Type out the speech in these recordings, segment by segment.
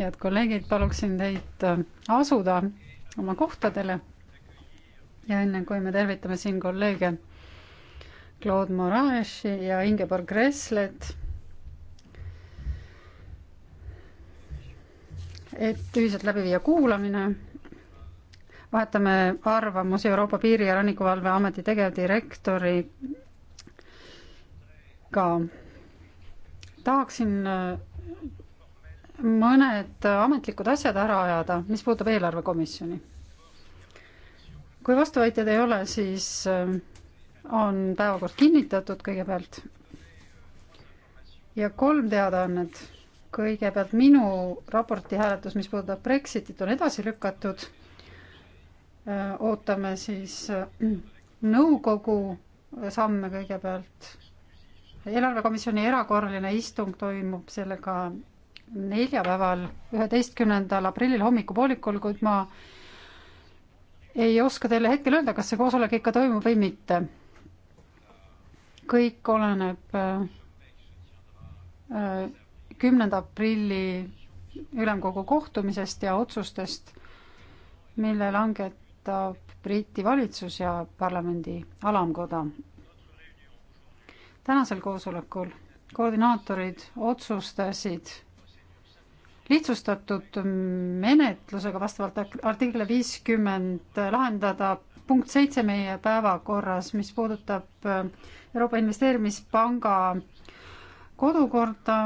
head kolleegid, paluksin teid äh, asuda oma kohtadele. ja enne kui me tervitame siin kolleege Claude Moraesi ja Ingeborg Gresslet, et ühiselt läbi viia kuulamine vahetame arvamusi Euroopa Piiri- ja Rannikuvalve Ameti tegevdirektoriga tahaksin äh, mõned ametlikud asjad ära ajada, mis puudutab eelarvekomisjoni. kui vastuväiteid ei ole, siis äh, on päevakord kinnitatud kõigepealt. ja kolm teadaannet. kõigepealt minu raporti hääletus, mis puudutab Brexitit, on edasi lükatud. Äh, ootame siis nõukogu samme kõigepealt eelarvekomisjoni erakorraline istung toimub sellega neljapäeval, üheteistkümnendal aprillil hommikupoolikul, kuid ma ei oska teile hetkel öelda, kas see koosolek ikka toimub või mitte. kõik oleneb äh, äh, kümnenda aprilli ülemkogu kohtumisest ja otsustest, mille langetab Briti valitsus ja parlamendi alamkoda tänasel koosolekul koordinaatorid otsustasid lihtsustatud menetlusega vastavalt artikli viiskümmend lahendada punkt seitse meie päevakorras, mis puudutab äh, Euroopa Investeerimispanga kodukorda,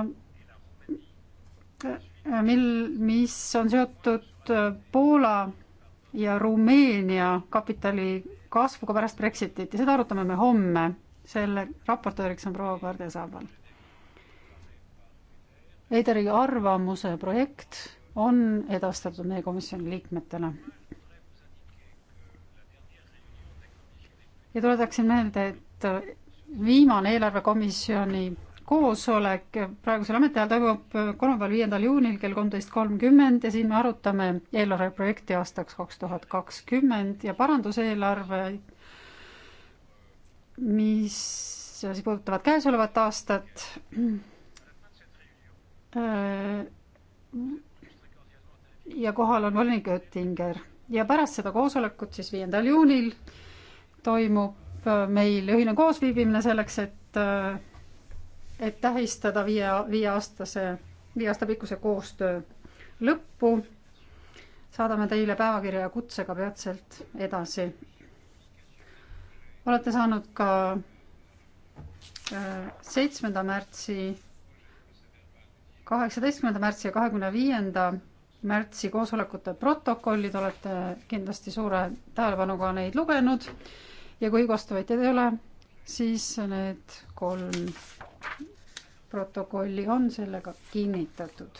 äh, mil, mis on seotud äh, Poola ja Rumeenia kapitali kasvuga pärast Brexitit ja seda arutame me homme selle raportööriks on proua Karde Saabal. Eideri arvamuse projekt on edastatud meie komisjoni liikmetele. ja tuletaksin meelde, et viimane eelarvekomisjoni koosolek praegusel ametiajal toimub kolmapäeval, viiendal juunil kell kolmteist kolmkümmend ja siin me arutame eelarveprojekti aastaks kaks tuhat kakskümmend ja paranduseelarveid mis siis puudutavad käesolevat aastat, äh, ja kohal on volinik Oettinger ja pärast seda koosolekut siis viiendal juunil toimub äh, meil ühine koosviibimine selleks, et, äh, et tähistada viie, viieaastase, viie aasta pikkuse koostöö lõppu. saadame teile päevakirja ja kutsega peatselt edasi olete saanud ka äh, seitsmenda märtsi, kaheksateistkümnenda märtsi ja kahekümne viienda märtsi koosolekute protokollid, olete kindlasti suure tähelepanuga neid lugenud ja kui vastuvõtjaid ei ole, siis need kolm protokolli on sellega kinnitatud.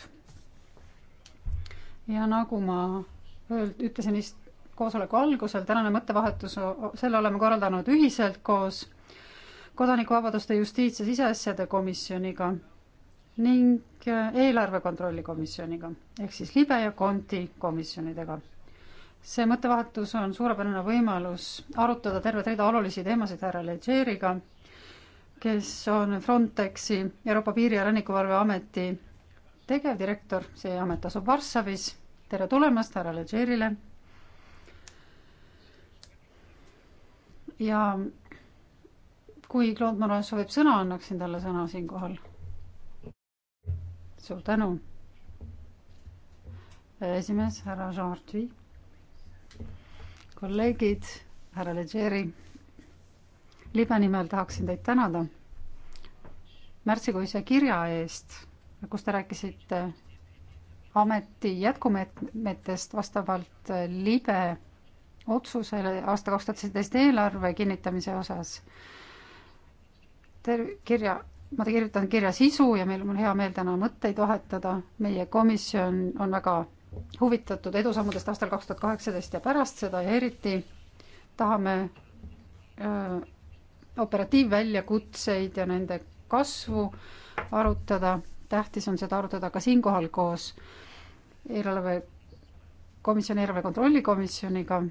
ja nagu ma öeld-, ütlesin vist koosoleku algusel, tänane mõttevahetus, selle oleme korraldanud ühiselt koos kodanikuvabaduste justiits- ja siseasjade komisjoniga ning äh, eelarve kontrolli komisjoniga ehk siis libe ja konti komisjonidega. see mõttevahetus on suurepärane võimalus arutada tervet rida olulisi teemasid härra Leggeriga, kes on Frontexi, Euroopa Piiri- ja Rannikuvalve Ameti tegevdirektor, see amet asub Varssavis. tere tulemast härra Leggerile ja kui Claude Moraes soovib sõna, annaksin talle sõna siinkohal. suur tänu. esimees härra Jean Artui, kolleegid, härra Legeri, libe nimel tahaksin teid tänada märtsikuise kirja eest, kus te rääkisite ameti jätkumeetmetest vastavalt libe otsusele aasta kaks tuhat seitseteist eelarve kinnitamise osas. Ter-, kirja, ma kirjutan kirja sisu ja meil on hea meel täna mõtteid vahetada. meie komisjon on väga huvitatud edusammudest aastal kaks tuhat kaheksateist ja pärast seda ja eriti tahame öö, operatiivväljakutseid ja nende kasvu arutada. tähtis on seda arutada ka siinkohal koos eelarve komisjoni, eelarve kontrolli komisjoniga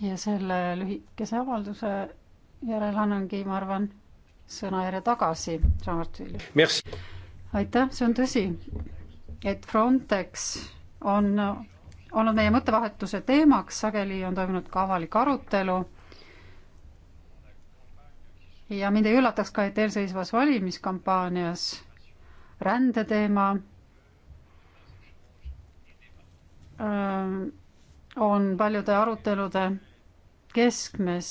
ja selle lühikese avalduse järel annangi, ma arvan, sõnajärje tagasi Jean-Martile. aitäh, see on tõsi, et Frontex on olnud meie mõttevahetuse teemaks, sageli on toimunud ka avalik arutelu. ja mind ei üllataks ka, et eelseisvas valimiskampaanias rändeteema on paljude arutelude keskmes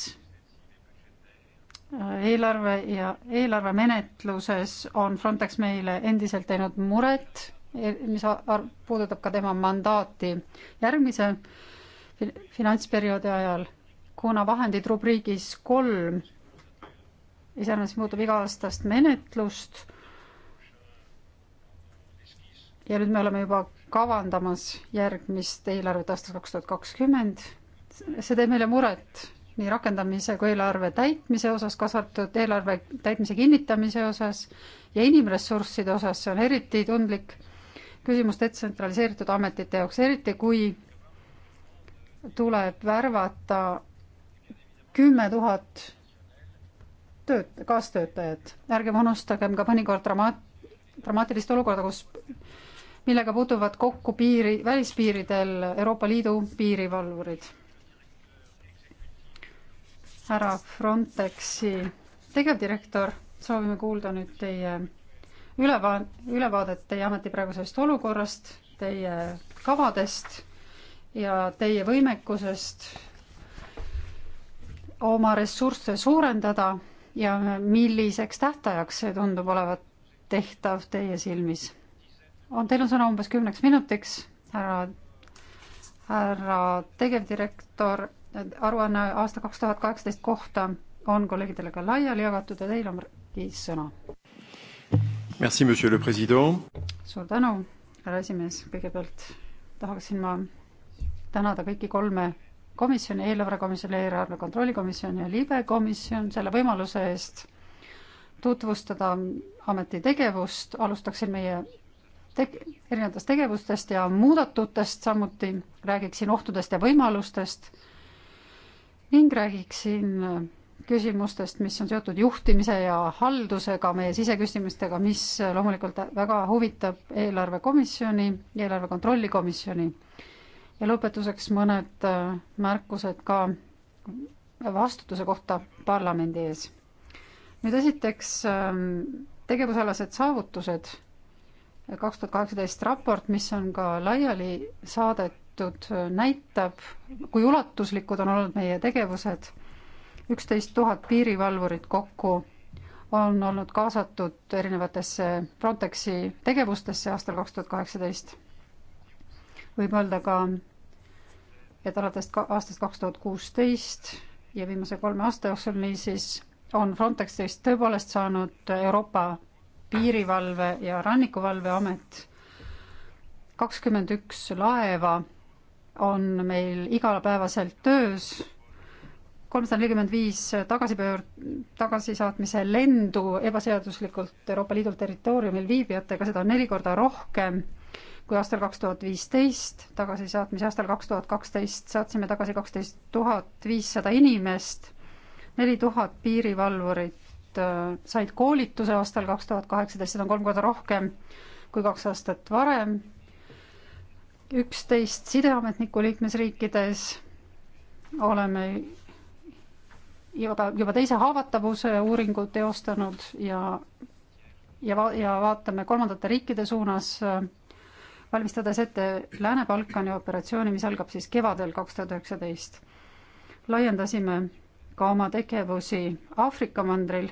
äh, eelarve ja eelarvemenetluses on Frontex meile endiselt teinud muret, e-, mis puudutab ka tema mandaati järgmise finantsperioodi ajal, kuna vahendid rubriigis kolm iseenesest muutub iga-aastast menetlust. ja nüüd me oleme juba kavandamas järgmist eelarvet aastast kaks tuhat kakskümmend see teeb meile muret nii rakendamise kui eelarve täitmise osas, kaasa arvatud eelarve täitmise kinnitamise osas ja inimressursside osas, see on eriti tundlik küsimus detsentraliseeritud ametite jaoks, eriti kui tuleb värvata kümme tuhat tööt-, kaastöötajat. ärgem unustagem ka mõnikord dramaat-, dramaatilist olukorda, kus millega puutuvad kokku piiri, välispiiridel Euroopa Liidu piirivalvurid härra Frontexi tegevdirektor, soovime kuulda nüüd teie ülevaat-, ülevaadet teie ameti praegusest olukorrast, teie kavadest ja teie võimekusest oma ressursse suurendada ja milliseks tähtajaks see tundub olevat tehtav teie silmis? on, teil on sõna umbes kümneks minutiks, härra, härra tegevdirektor aruanne aasta kaks tuhat kaheksateist kohta on kolleegidele ka laiali jagatud ja teil on siis sõna. Merci, monsieur le president. suur tänu, härra esimees, kõigepealt tahaksin ma tänada kõiki kolme komisjoni, eelarvekomisjoni, eelarve kontrolli komisjoni ja libe komisjon selle võimaluse eest tutvustada ameti tegevust, alustaksin meie teg-, erinevatest tegevustest ja muudatutest, samuti räägiksin ohtudest ja võimalustest ning räägiksin küsimustest, mis on seotud juhtimise ja haldusega, meie siseküsimustega, mis loomulikult väga huvitab eelarvekomisjoni, eelarve kontrolli komisjoni. ja lõpetuseks mõned äh, märkused ka vastutuse kohta parlamendi ees. nüüd esiteks ähm, tegevusalased saavutused, kaks tuhat kaheksateist raport, mis on ka laiali saadet, tehtud, näitab, kui ulatuslikud on olnud meie tegevused. üksteist tuhat piirivalvurit kokku on olnud kaasatud erinevatesse Frontexi tegevustesse aastal kaks tuhat kaheksateist. võib öelda ka, et alates ka aastast kaks tuhat kuusteist ja viimase kolme aasta jooksul niisiis on Frontexist tõepoolest saanud Euroopa piirivalve ja rannikuvalveamet kakskümmend üks laeva on meil igapäevaselt töös kolmsada nelikümmend viis tagasipöör-, tagasisaatmise lendu ebaseaduslikult Euroopa Liidu territooriumil viibijatega, seda on neli korda rohkem kui aastal kaks tuhat viisteist, tagasisaatmise aastal kaks tuhat kaksteist saatsime tagasi kaksteist tuhat viissada inimest, neli tuhat piirivalvurit äh, said koolituse aastal kaks tuhat kaheksateist, seda on kolm korda rohkem kui kaks aastat varem üksteist sideametnikku liikmesriikides, oleme juba, juba teise haavatavuse uuringu teostanud ja, ja va-, ja vaatame kolmandate riikide suunas, valmistades ette Lääne-Balkani operatsiooni, mis algab siis kevadel kaks tuhat üheksateist. laiendasime ka oma tegevusi Aafrika mandril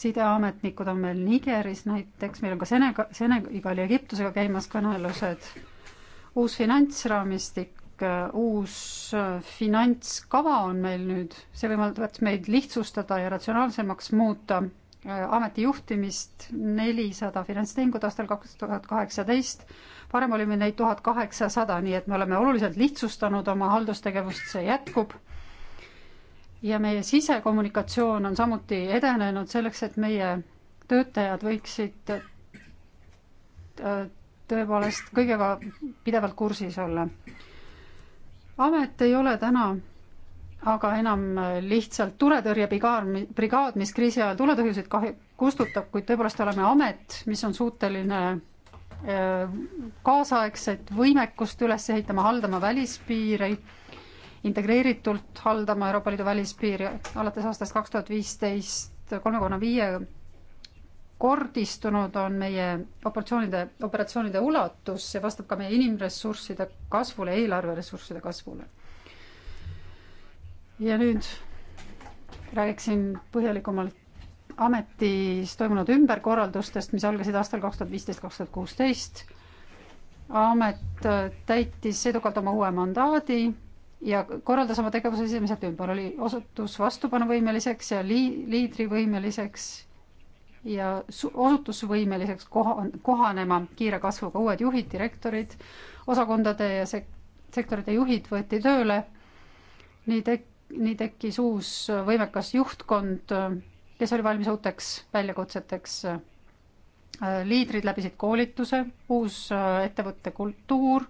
sideametnikud on meil Nigeris näiteks, meil on ka Senega, Senegali ja Egiptusega käimas kõnelused, uus finantsraamistik, uus finantskava on meil nüüd, see võimaldab meid lihtsustada ja ratsionaalsemaks muuta äh, ameti juhtimist, nelisada finantstehingut aastal kaks tuhat kaheksateist, varem oli meil neid tuhat kaheksasada, nii et me oleme oluliselt lihtsustanud oma haldustegevust, see jätkub ja meie sisekommunikatsioon on samuti edenenud selleks, et meie töötajad võiksid äh, tõepoolest kõigega pidevalt kursis olla. amet ei ole täna aga enam lihtsalt tuletõrjebrigaad, brigaad, mis kriisi ajal tuletõhjuseid kahju, kustutab, kuid tõepoolest oleme amet, mis on suuteline äh, kaasaegset võimekust üles ehitama, haldama välispiireid integreeritult haldama Euroopa Liidu välispiiri alates aastast kaks tuhat viisteist kolme koma viie kordistunud on meie operatsioonide, operatsioonide ulatus, see vastab ka meie inimressursside kasvule, eelarveressursside kasvule. ja nüüd räägiksin põhjalikumalt ametis toimunud ümberkorraldustest, mis algasid aastal kaks tuhat viisteist, kaks tuhat kuusteist. amet täitis edukalt oma uue mandaadi ja korraldas oma tegevuse sisemiselt ümber, oli osutus vastupanuvõimeliseks ja lii-, liidrivõimeliseks ja osutusvõimeliseks koha, kohanema kiire kasvuga, uued juhid, direktorid, osakondade ja sek-, sektorite juhid võeti tööle, nii tek-, nii tekkis uus võimekas juhtkond, kes oli valmis uuteks väljakutseteks. liidrid läbisid koolituse, uus äh, ettevõtte kultuur,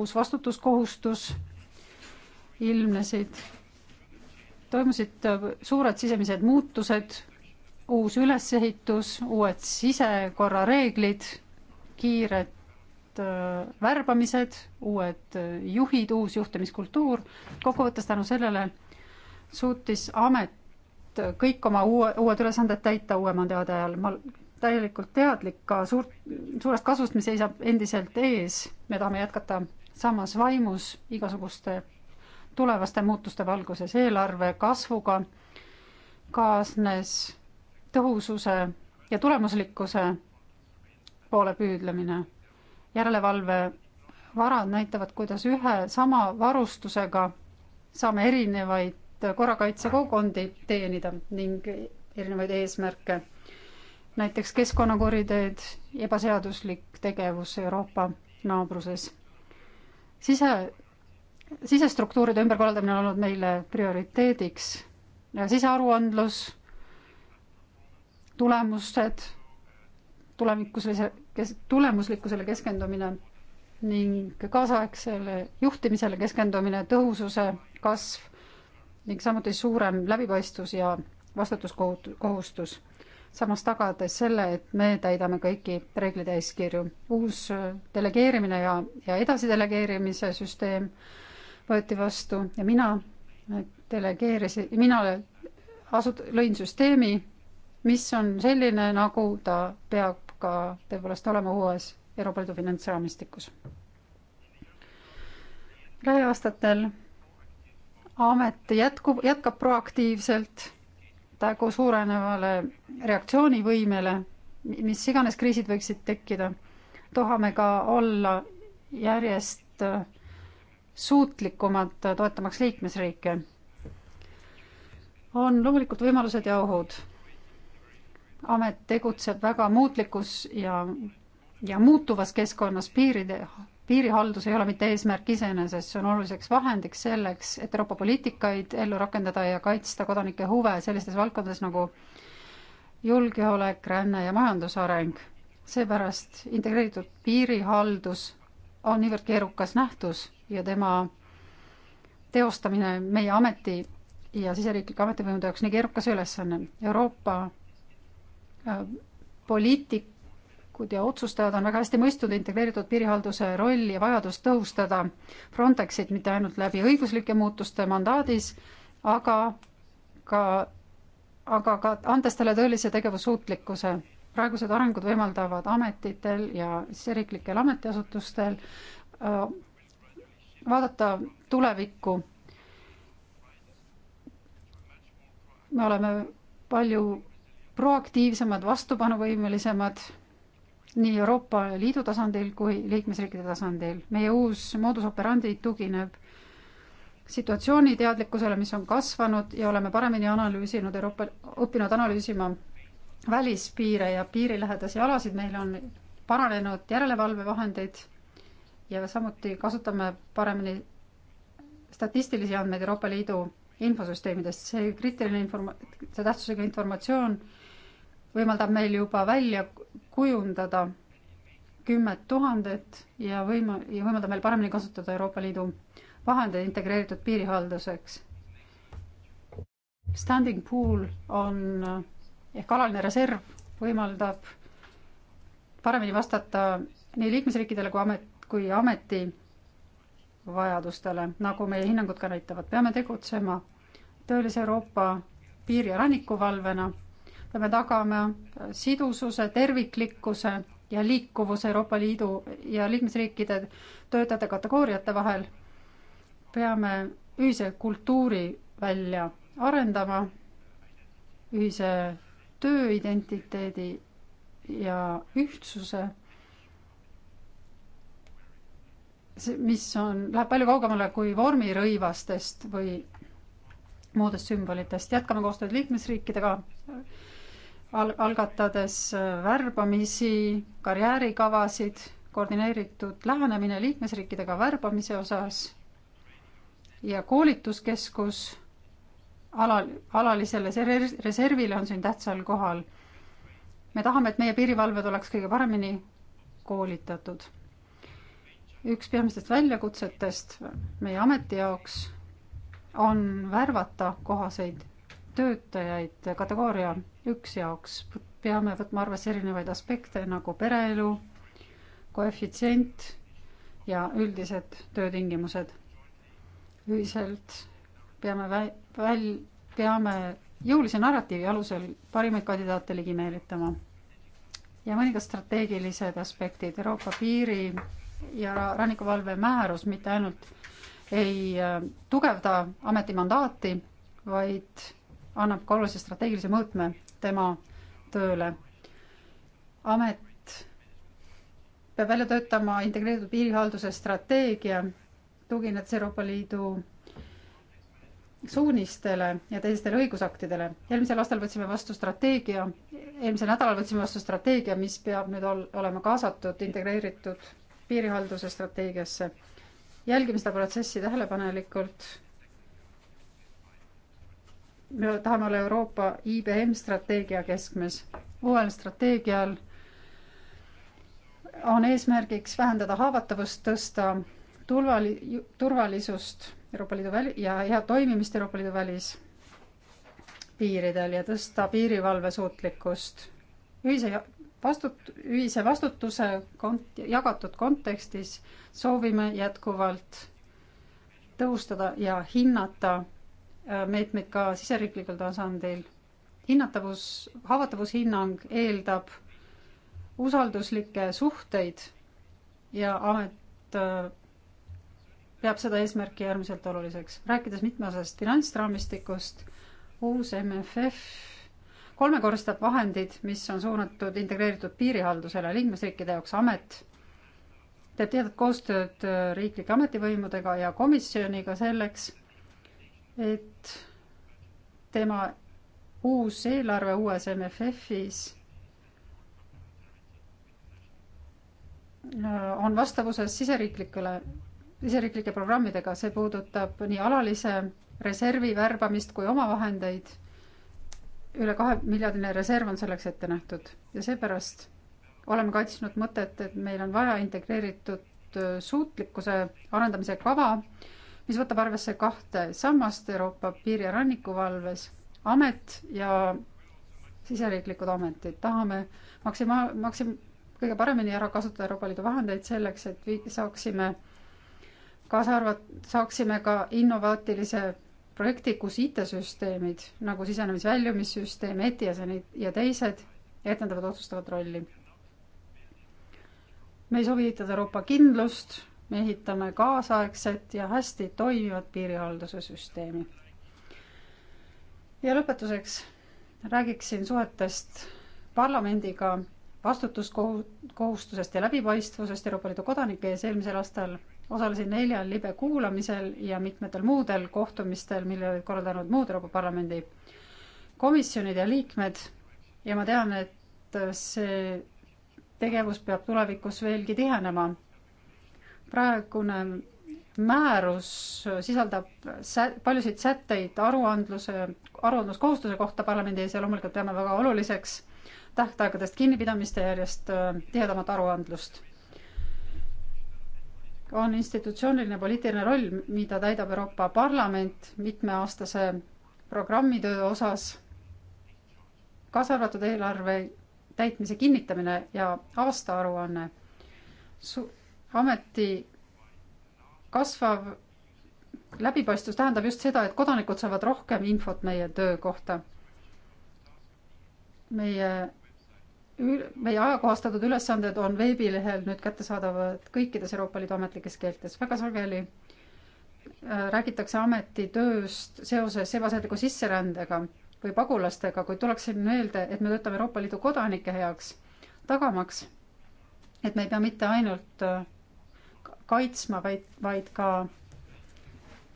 uus vastutuskohustus ilmnesid, toimusid äh, suured sisemised muutused, uus ülesehitus, uued sisekorrareeglid, kiired äh, värbamised, uued äh, juhid, uus juhtimiskultuur, kokkuvõttes tänu sellele suutis amet kõik oma uue, uued ülesanded täita uue mandaadi ajal. ma täielikult teadlik ka suurt, suurest kasvust, mis seisab endiselt ees. me tahame jätkata samas vaimus igasuguste tulevaste muutuste valguses. eelarve kasvuga kaasnes tõhususe ja tulemuslikkuse poole püüdlemine. järelevalve varad näitavad, kuidas ühe sama varustusega saame erinevaid korrakaitsekogukondi teenida ning erinevaid eesmärke. näiteks keskkonnakuriteed, ebaseaduslik tegevus Euroopa naabruses. sise sisestruktuuride ümberkorraldamine on olnud meile prioriteediks. sisearuandlus, tulemused, tulevikusele, kes, tulemuslikkusele keskendumine ning kaasaegsele juhtimisele keskendumine, tõhususe kasv ning samuti suurem läbipaistvus ja vastutuskohustus. samas tagades selle, et me täidame kõiki reeglid ja eeskirju. uus delegeerimine ja, ja edasidelegeerimise süsteem äh, võeti vastu ja mina delegeerisin, mina asut-, lõin süsteemi, mis on selline, nagu ta peab ka tõepoolest olema uues Euroopa Liidu finantsraamistikus. lähiaastatel amet jätkub, jätkab proaktiivselt tägu suurenevale reaktsioonivõimele, mis iganes kriisid võiksid tekkida. tahame ka olla järjest suutlikumad toetamaks liikmesriike. on loomulikult võimalused ja ohud. amet tegutseb väga muutlikus ja, ja muutuvas keskkonnas, piiride, piirihaldus ei ole mitte eesmärk iseenesest, see on oluliseks vahendiks selleks, et Euroopa poliitikaid ellu rakendada ja kaitsta kodanike huve sellistes valdkondades nagu julgeolek, ränne ja majandusareng. seepärast integreeritud piirihaldus on niivõrd keerukas nähtus ja tema teostamine meie ameti ja siseriiklike ametivõimude jaoks nii keerukas ülesanne. Euroopa äh, poliitikud ja otsustajad on väga hästi mõistnud integreeritud piirihalduse rolli ja vajadust tõhustada Frontexit mitte ainult läbi õiguslike muutuste mandaadis, aga ka, aga ka andes talle tõelise tegevussuutlikkuse. praegused arengud võimaldavad ametitel ja siseriiklikel ametiasutustel äh, vaadata tulevikku. me oleme palju proaktiivsemad, vastupanuvõimelisemad nii Euroopa Liidu tasandil kui liikmesriikide tasandil. meie uus moodus operandi tugineb situatsiooni teadlikkusele, mis on kasvanud ja oleme paremini analüüsinud Euroopa, õppinud analüüsima välispiire ja piirilähedasi alasid, meil on paranenud järelevalvevahendeid ja samuti kasutame paremini statistilisi andmeid Euroopa Liidu infosüsteemidest. see kriitiline inform-, see tähtsusega informatsioon võimaldab meil juba välja kujundada kümmet tuhandet ja võima-, ja võimaldab meil paremini kasutada Euroopa Liidu vahendeid integreeritud piirihalduseks. Standing pool on ehk alaline reserv, võimaldab paremini vastata nii liikmesriikidele kui amet, kui ameti vajadustele, nagu meie hinnangud ka näitavad. peame tegutsema tõelise Euroopa piiri- ja rannikuvalvena, peame tagama sidususe, terviklikkuse ja liikuvuse Euroopa Liidu ja liikmesriikide töötajate kategooriate vahel, peame ühise kultuuri välja arendama, ühise tööidentiteedi ja ühtsuse mis on, läheb palju kaugemale kui vormirõivastest või muudest sümbolitest. jätkame koostööd liikmesriikidega al, algatades äh, värbamisi, karjäärikavasid, koordineeritud lähenemine liikmesriikidega värbamise osas ja koolituskeskus alal, alalisele reservile on siin tähtsal kohal. me tahame, et meie piirivalved oleks kõige paremini koolitatud üks peamistest väljakutsetest meie ameti jaoks on värvata kohaseid töötajaid kategooria üks jaoks. peame võtma arvesse erinevaid aspekte nagu pereelu, koefitsient ja üldised töötingimused. ühiselt peame vä-, väl-, peame jõulise narratiivi alusel parimaid kandidaate ligi meelitama. ja mõningad strateegilised aspektid Euroopa piiri ja rannikuvalve määrus mitte ainult ei äh, tugevda ameti mandaati, vaid annab ka olulise strateegilise mõõtme tema tööle. amet peab välja töötama integreeritud piirihalduse strateegia, tuginedes Euroopa Liidu suunistele ja teistele õigusaktidele. eelmisel aastal võtsime vastu strateegia, eelmisel nädalal võtsime vastu strateegia, mis peab nüüd ol-, olema kaasatud integreeritud piirihalduse strateegiasse. jälgime seda protsessi tähelepanelikult. me tahame olla Euroopa IBM strateegia keskmes. uuel strateegial on eesmärgiks vähendada haavatavust, tõsta turvali-, turvalisust Euroopa Liidu väli- ja head toimimist Euroopa Liidu välispiiridel ja tõsta piirivalve suutlikkust. ühise vastut-, ühise vastutuse kont-, jagatud kontekstis soovime jätkuvalt tõhustada ja hinnata äh, meetmeid ka siseriiklikul tasandil. hinnatavus, haavatavushinnang eeldab usalduslikke suhteid ja amet äh, peab seda eesmärki äärmiselt oluliseks. rääkides mitmeosast finantsraamistikust, uus MFF kolmekordistab vahendid, mis on suunatud integreeritud piirihaldusele liikmesriikide jaoks, amet teeb teatud koostööd äh, riiklike ametivõimudega ja komisjoniga selleks, et tema uus eelarve uues MFF-is äh, on vastavuses siseriiklikele, siseriiklike programmidega, see puudutab nii alalise reservi värbamist kui omavahendeid üle kahe miljardiline reserv on selleks ette nähtud ja seepärast oleme kaitsnud mõtet, et meil on vaja integreeritud äh, suutlikkuse arendamise kava, mis võtab arvesse kahte sammast Euroopa piiri- ja rannikuvalves, amet ja siseriiklikud ametid. tahame maksimaal, maksim-, kõige paremini ära kasutada Euroopa Liidu vahendeid selleks, et vi-, saaksime kaasa arvat-, saaksime ka innovaatilise projekti, kus IT-süsteemid nagu sisenemis-väljumissüsteem, ETIAS ja teised etendavad otsustavat rolli. me ei soovi ehitada Euroopa kindlust, me ehitame kaasaegset ja hästi toimivat piirihalduse süsteemi. ja lõpetuseks räägiksin suhetest parlamendiga, vastutuskohustusest ja läbipaistvusest Euroopa Liidu kodanike ees eelmisel aastal osalesin neljal libe kuulamisel ja mitmetel muudel kohtumistel, mille olid korraldanud muud Euroopa Parlamendi komisjonid ja liikmed ja ma tean, et see tegevus peab tulevikus veelgi tihenema. praegune määrus sisaldab sä-, paljusid sätteid aruandluse, aruandluskohustuse kohta parlamendi ees ja loomulikult peame väga oluliseks tähtaegadest kinnipidamist ja järjest äh, tihedamat aruandlust on institutsiooniline poliitiline roll, mida täidab Euroopa Parlament mitmeaastase programmitöö osas, kaasa arvatud eelarve täitmise kinnitamine ja aastaaruanne. ameti kasvav läbipaistvus tähendab just seda, et kodanikud saavad rohkem infot meie töö kohta. meie meie ajakohastatud ülesanded on veebilehel nüüd kättesaadavad kõikides Euroopa Liidu ametlikes keeltes. väga sageli äh, räägitakse ametitööst seoses ebaseadliku sisserändega või pagulastega, kuid tuleksin meelde, et me töötame Euroopa Liidu kodanike heaks, tagamaks, et me ei pea mitte ainult äh, kaitsma, vaid, vaid ka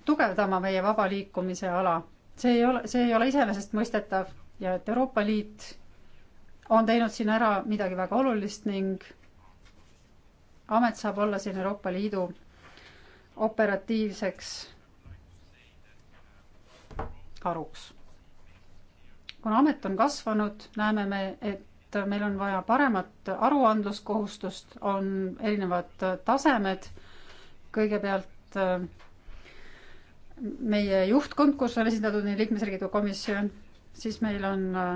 tugevdama meie vaba liikumise ala. see ei ole, see ei ole iseenesestmõistetav ja et Euroopa Liit on teinud siin ära midagi väga olulist ning amet saab olla siin Euroopa Liidu operatiivseks karuks. kuna amet on kasvanud, näeme me, et meil on vaja paremat aruandluskohustust, on erinevad tasemed, kõigepealt äh, meie juhtkond, kus on esindatud nii liikmesriigid kui komisjon, siis meil on äh,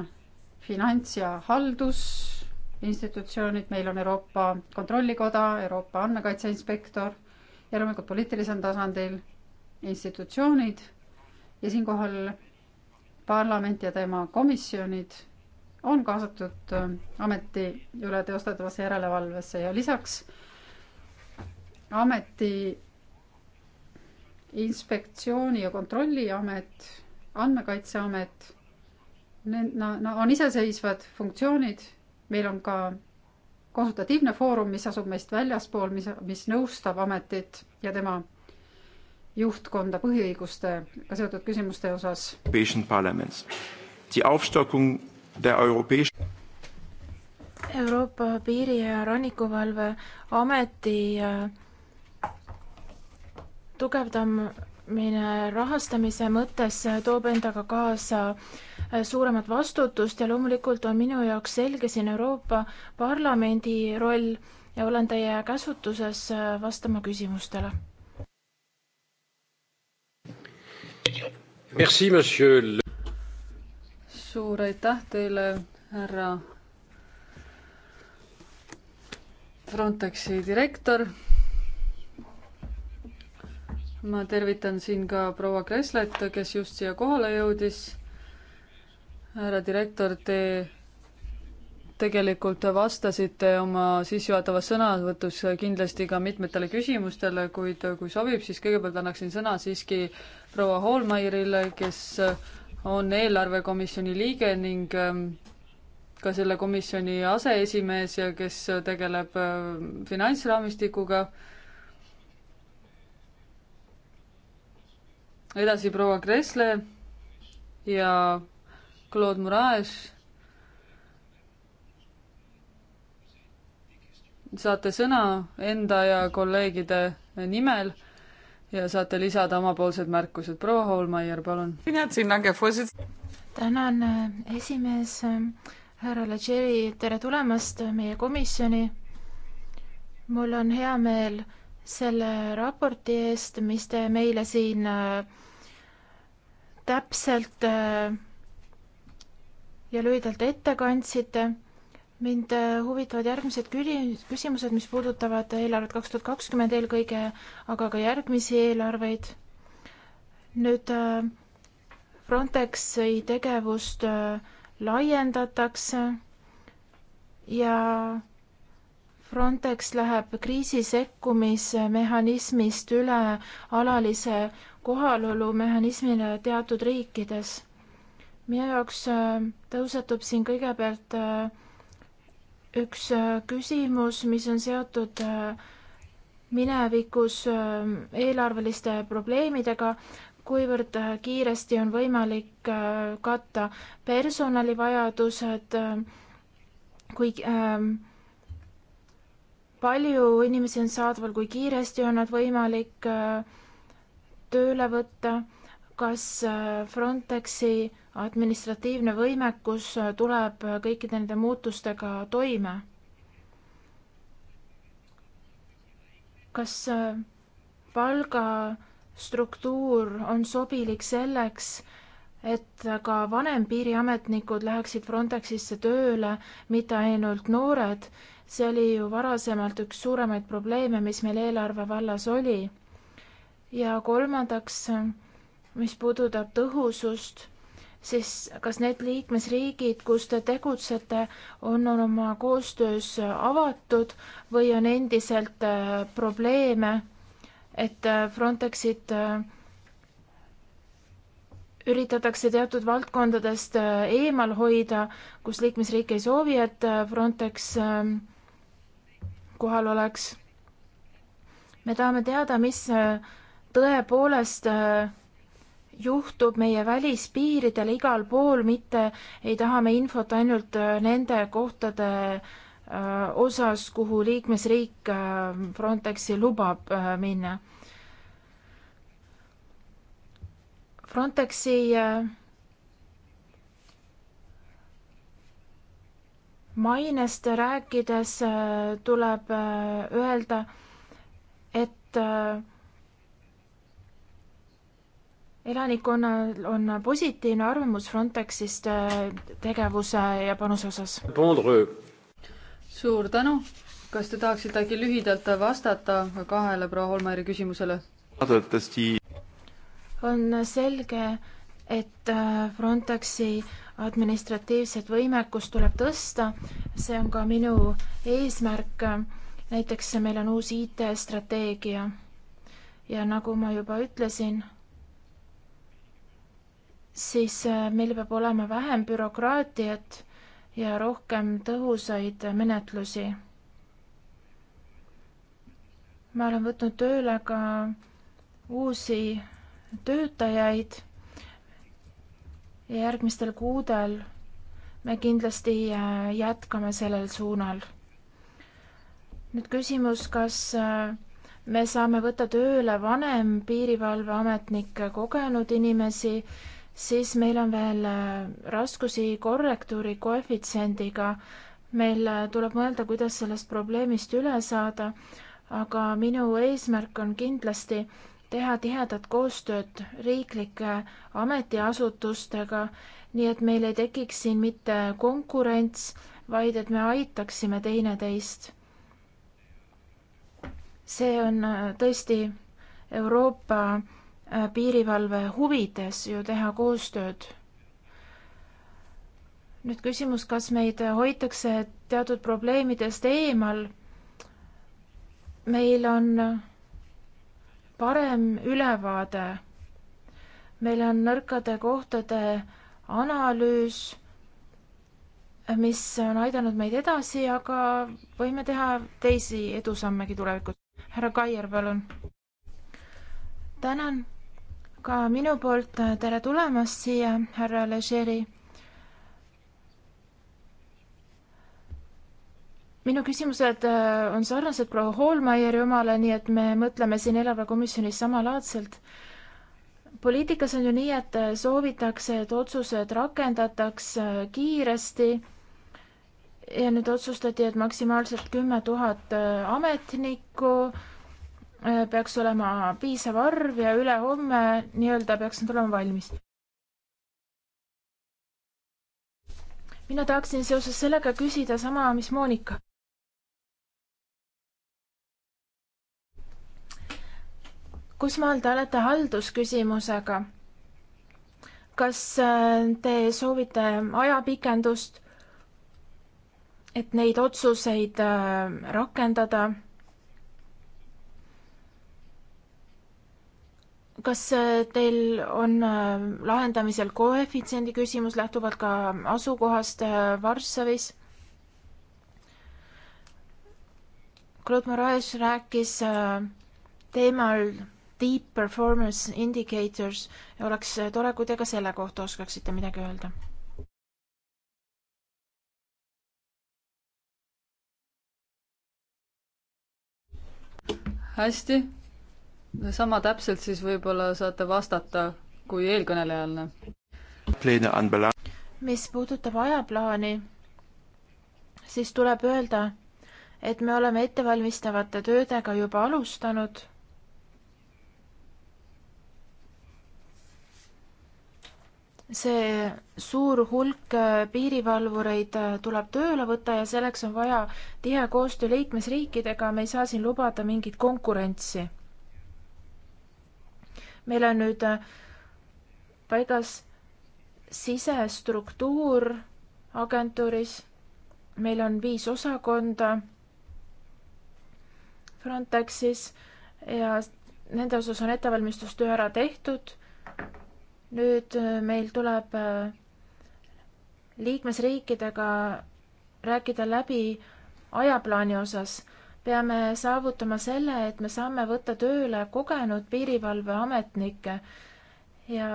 finants- ja haldusinstitutsioonid, meil on Euroopa Kontrollikoda, Euroopa Andmekaitse Inspektor ja loomulikult poliitilisel tasandil institutsioonid ja siinkohal parlament ja tema komisjonid on kaasatud äh, ameti üle teostatavasse järelevalvesse ja lisaks ameti inspektsiooni ja kontrolliamet, andmekaitseamet Need no, no, on iseseisvad funktsioonid, meil on ka konsultatiivne foorum, mis asub meist väljaspool, mis, mis nõustab ametit ja tema juhtkonda põhiõigustega seotud küsimuste osas. Euroopa Piiri- ja Rannikuvalve Ameti äh, tugevdamine rahastamise mõttes äh, toob endaga kaasa äh, Äh, suuremat vastutust ja loomulikult on minu jaoks selge siin Euroopa Parlamendi roll ja olen teie käsutuses äh, vastama küsimustele. suur aitäh teile, härra Frontexi direktor ma tervitan siin ka proua Kreslet, kes just siia kohale jõudis härra direktor, te tegelikult vastasite oma sissejuhatavas sõnavõtus kindlasti ka mitmetele küsimustele, kuid kui sobib, siis kõigepealt annaksin sõna siiski proua Hoolmeierile, kes on eelarvekomisjoni liige ning ähm, ka selle komisjoni aseesimees ja kes tegeleb ähm, finantsraamistikuga. edasi proua Kressle ja Claude Moraes. saate sõna enda ja kolleegide nimel ja saate lisada omapoolsed märkused. proua Hoolmeier, palun. tänan, äh, esimees, härra Leggeri, tere tulemast meie komisjoni. mul on hea meel selle raporti eest, mis te meile siin äh, täpselt äh, ja lühidalt ette kandsite. mind äh, huvitavad järgmised küsimused, mis puudutavad eelarvet kaks tuhat kakskümmend eelkõige, aga ka järgmisi eelarveid. nüüd äh, Frontexi tegevust äh, laiendatakse ja Frontex läheb kriisi sekkumismehhanismist üle alalise kohalolumehhanismile teatud riikides minu jaoks äh, tõusetub siin kõigepealt äh, üks äh, küsimus, mis on seotud minevikus eelarveliste probleemidega, kuivõrd kiiresti on võimalik katta personalivajadused, kui palju inimesi on saadaval, kui kiiresti on nad võimalik tööle võtta kas äh, Frontexi administratiivne võimekus äh, tuleb äh, kõikide nende muutustega toime? kas palgastruktuur on sobilik selleks, et ka vanempiiriametnikud läheksid Frontexisse tööle, mitte ainult noored. see oli ju varasemalt üks suuremaid probleeme, mis meil eelarve vallas oli. ja kolmandaks, mis puudutab tõhusust, siis kas need liikmesriigid, kus te tegutsete, on oma koostöös avatud või on endiselt äh, probleeme, et äh, Frontexit äh, üritatakse teatud valdkondadest eemal hoida, kus liikmesriik ei soovi, et Frontex ähm, kohal oleks. me tahame teada, mis tõepoolest juhtub meie välispiiridel igal pool, mitte ei taha me infot ainult äh, nende kohtade äh, osas, kuhu liikmesriik äh, Frontexi lubab minna. Frontexi mainest rääkides tuleb öelda, et elanikkonnal on positiivne arvamus Frontexist äh, tegevuse ja panuse osas. suur tänu. kas te tahaksite äkki lühidalt vastata kahele proua Holmeri küsimusele? on selge, et äh, Frontexi administratiivset võimekust tuleb tõsta, see on ka minu eesmärk. näiteks meil on uus IT-strateegia ja nagu ma juba ütlesin siis äh, meil peab olema vähem bürokraatiat ja rohkem tõhusaid menetlusi. ma olen võtnud tööle ka uusi töötajaid ja järgmistel kuudel me kindlasti äh, jätkame sellel suunal. nüüd küsimus, kas äh, me saame võtta tööle vanem piirivalveametnik, kogenud inimesi siis meil on veel äh, raskusi korrektuuri koefitsiendiga. meil äh, tuleb mõelda, kuidas sellest probleemist üle saada, aga minu eesmärk on kindlasti teha tihedat koostööd riiklike ametiasutustega, nii et meil ei tekiks siin mitte konkurents, vaid et me aitaksime teineteist. see on äh, tõesti Euroopa Äh, piirivalve huvides ju teha koostööd. nüüd küsimus, kas meid hoitakse teatud probleemidest eemal. meil on parem ülevaade, meil on nõrkade kohtade analüüs, mis on aidanud meid edasi, aga võime teha teisi edusammegi tulevikus. härra Kaier, palun. tänan ka minu poolt äh, tere tulemast siia, härra Legeri. minu küsimused äh, on sarnased proua Hoolmeieri omale, nii et me mõtleme siin eelarvekomisjonis samalaadselt. poliitikas on ju nii, et äh, soovitakse, et otsused rakendataks kiiresti ja nüüd otsustati, et maksimaalselt kümme tuhat ametnikku Äh, peaks olema piisav arv ja ülehomme nii-öelda peaks nad olema valmis. mina tahaksin seoses sellega küsida sama, mis Monika. kus maal te olete haldusküsimusega? kas äh, te soovite ajapikendust, et neid otsuseid äh, rakendada? kas äh, teil on äh, lahendamisel koefitsiendi küsimus lähtuvalt ka asukohast äh, Varssavis? Claude Moraes rääkis teemal Deep Performance Indicators ja oleks tore, kui te ka selle kohta oskaksite midagi öelda hästi, sama täpselt siis võib-olla saate vastata kui eelkõnelejale. mis puudutab ajaplaani, siis tuleb öelda, et me oleme ettevalmistavate töödega juba alustanud. see suur hulk piirivalvureid tuleb tööle võtta ja selleks on vaja tihe koostöö liikmesriikidega, me ei saa siin lubada mingit konkurentsi meil on nüüd äh, paigas sisestruktuur agentuuris, meil on viis osakonda Frontexis ja nende osas on ettevalmistustöö ära tehtud. nüüd äh, meil tuleb äh, liikmesriikidega rääkida läbi ajaplaani osas peame saavutama selle, et me saame võtta tööle kogenud piirivalveametnikke ja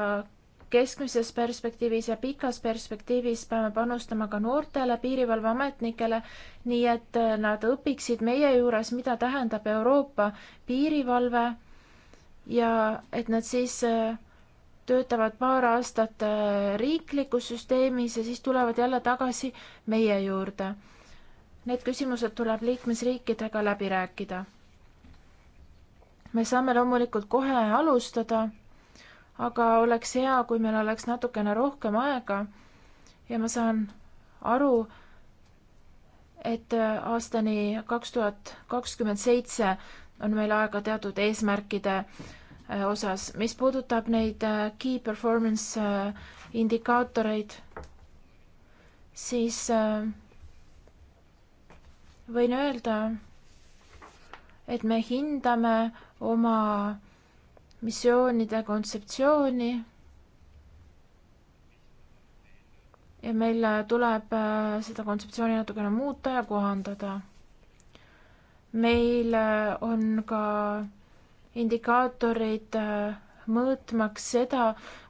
keskmises perspektiivis ja pikas perspektiivis peame panustama ka noortele piirivalveametnikele, nii et nad õpiksid meie juures, mida tähendab Euroopa piirivalve ja et nad siis äh, töötavad paar aastat äh, riiklikus süsteemis ja siis tulevad jälle tagasi meie juurde Need küsimused tuleb liikmesriikidega läbi rääkida. me saame loomulikult kohe alustada, aga oleks hea, kui meil oleks natukene rohkem aega ja ma saan aru, et aastani kaks tuhat kakskümmend seitse on meil aega teatud eesmärkide äh, osas. mis puudutab neid äh, key performance äh, indikaatoreid, siis äh, võin öelda, et me hindame oma missioonide kontseptsiooni ja meil tuleb äh, seda kontseptsiooni natukene muuta ja kohandada. meil äh, on ka indikaatorid äh, mõõtmaks seda,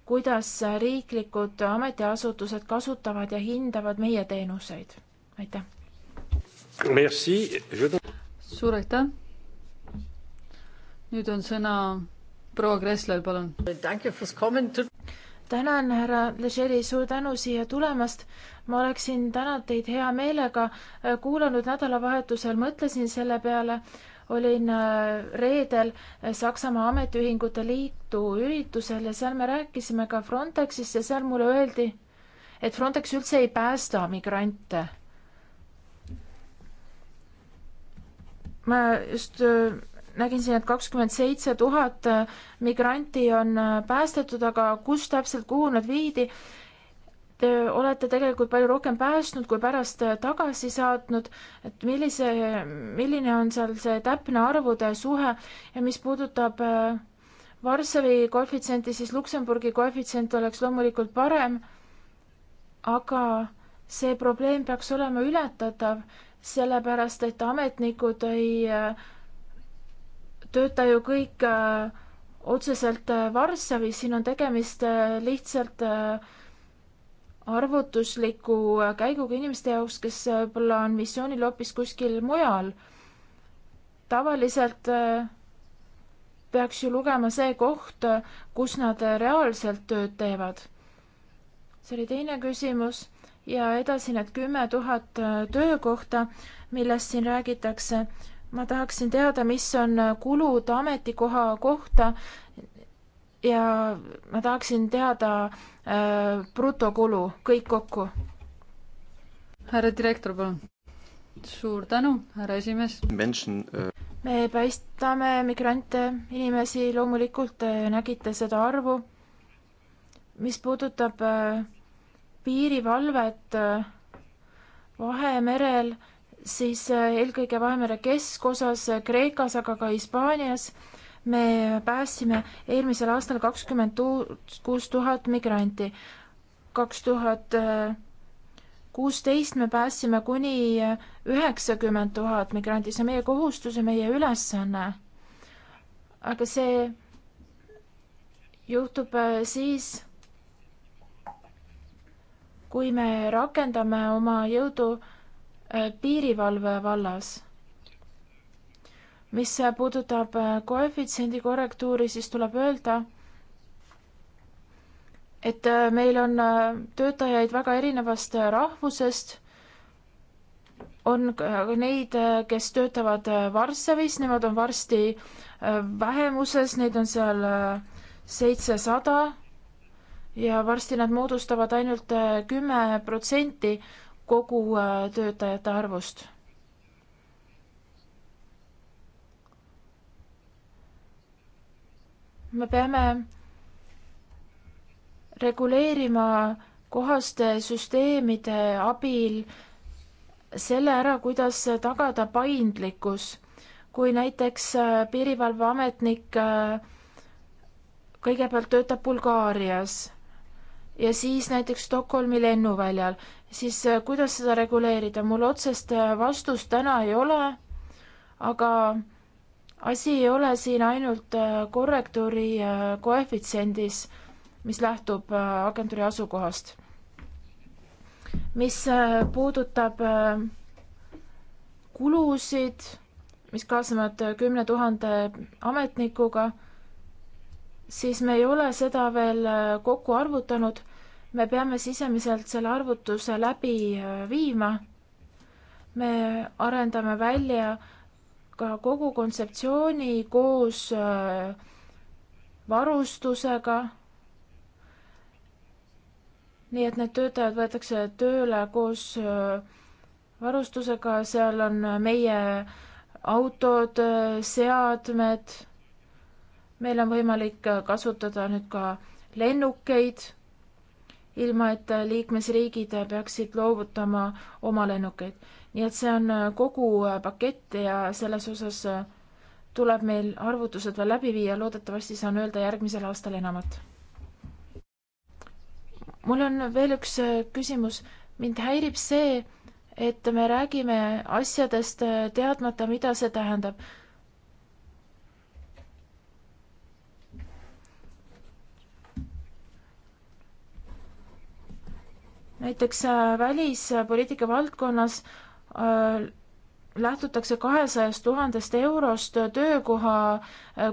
kuidas riiklikud ametiasutused kasutavad ja hindavad meie teenuseid. aitäh! suur aitäh. nüüd on sõna proua Kresslel, palun. tänan, härra Lešeri, suur tänu siia tulemast. ma oleksin täna teid hea meelega kuulanud nädalavahetusel, mõtlesin selle peale olin äh, reedel Saksamaa Ametiühingute Liitu üritusel ja seal me rääkisime ka Frontexist ja seal mulle öeldi, et Frontex üldse ei päästa migrante. ma just äh, nägin siin, et kakskümmend seitse tuhat äh, migranti on äh, päästetud, aga kus täpselt, kuhu nad viidi? Te olete tegelikult palju rohkem päästnud kui pärast tagasi saatnud, et millise, milline on seal see täpne arvude suhe ja mis puudutab Varssavi koefitsienti, siis Luksemburgi koefitsient oleks loomulikult parem, aga see probleem peaks olema ületatav sellepärast et ametnikud ei äh, tööta ju kõik äh, otseselt äh, Varssavis, siin on tegemist lihtsalt arvutusliku käiguga inimeste jaoks, kes võib-olla on missioonil hoopis kuskil mujal. tavaliselt peaks ju lugema see koht, kus nad reaalselt tööd teevad. see oli teine küsimus ja edasi need kümme tuhat äh, töökohta, millest siin räägitakse. ma tahaksin teada, mis on äh, kulud ametikoha kohta ja ma tahaksin teada äh, brutokulu, kõik kokku. härra direktor, palun. suur tänu, härra esimees. Äh... me paistame migrante, inimesi, loomulikult äh, nägite seda arvu. mis puudutab äh, piirivalvet äh, Vahemerel, siis äh, eelkõige Vahemere keskosas äh, Kreekas, aga ka Hispaanias me päästsime eelmisel aastal kakskümmend kuus tuhat migranti. kaks tuhat kuusteist me päästsime kuni üheksakümmend tuhat migranti, see on meie kohustus ja meie ülesanne. aga see juhtub siis, kui me rakendame oma jõudu äh, piirivalve vallas. mis puudutab äh, koefitsiendi korrektuuri, siis tuleb öelda, et äh, meil on töötajaid väga erinevast rahvusest on neid, kes töötavad Varssavis, nemad on varsti vähemuses, neid on seal seitsesada ja varsti nad moodustavad ainult äh, kümme protsenti kogu äh, töötajate arvust. me peame reguleerima kohaste süsteemide abil selle ära, kuidas tagada paindlikkus. kui näiteks äh, piirivalveametnik kõigepealt töötab Bulgaarias ja siis näiteks Stockholmi lennuväljal, siis äh, kuidas seda reguleerida, mul otsest äh, vastust täna ei ole, aga asi ei ole siin ainult äh, korrektuuri koefitsiendis, mis lähtub agentuuri asukohast. mis puudutab kulusid, mis kaasnevad kümne tuhande ametnikuga, siis me ei ole seda veel kokku arvutanud, me peame sisemiselt selle arvutuse läbi äh, viima. me arendame välja ka kogu kontseptsiooni koos äh, varustusega. nii et need töötajad võetakse tööle koos äh, varustusega, seal on meie autod, seadmed. meil on võimalik kasutada nüüd ka lennukeid ilma et liikmesriigid peaksid loovutama oma lennukeid. nii et see on äh, kogu äh, pakett ja selles osas äh, tuleb meil arvutused veel läbi viia, loodetavasti saan öelda järgmisel aastal enamat. mul on veel üks küsimus, mind häirib see, et me räägime asjadest teadmata, mida see tähendab näiteks äh, välispoliitika valdkonnas äh, lähtutakse kahesajast tuhandest eurost töökoha äh,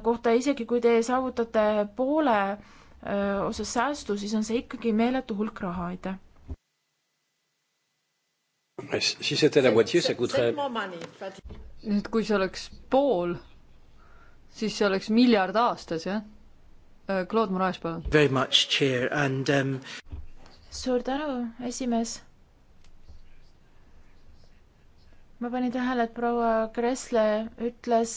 kohta, isegi kui te saavutate poole äh, osas säästu, siis on see ikkagi meeletu hulk raha, aitäh. nüüd, kui see oleks pool, siis see oleks miljard aastas, jah? Claude Moraes, palun suur tänu, esimees. ma panin tähele, et proua Kressle ütles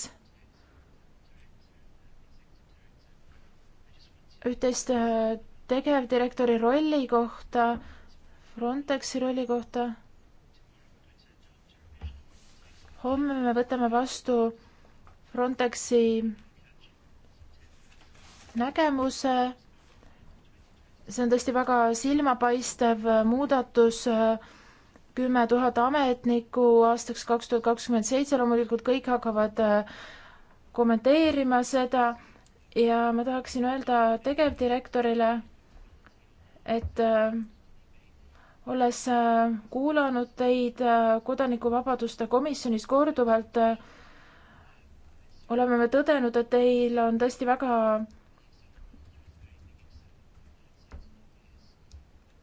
üht-teist äh, tegevdirektori rolli kohta, Frontexi rolli kohta. homme me võtame vastu Frontexi nägemuse see on tõesti väga silmapaistev äh, muudatus, äh, kümme tuhat ametnikku aastaks kaks tuhat kakskümmend seitse, loomulikult kõik hakkavad äh, kommenteerima seda ja ma tahaksin öelda tegevdirektorile, et olles kuulanud teid kodanikuvabaduste komisjonis korduvalt, oleme me tõdenud, et teil on tõesti väga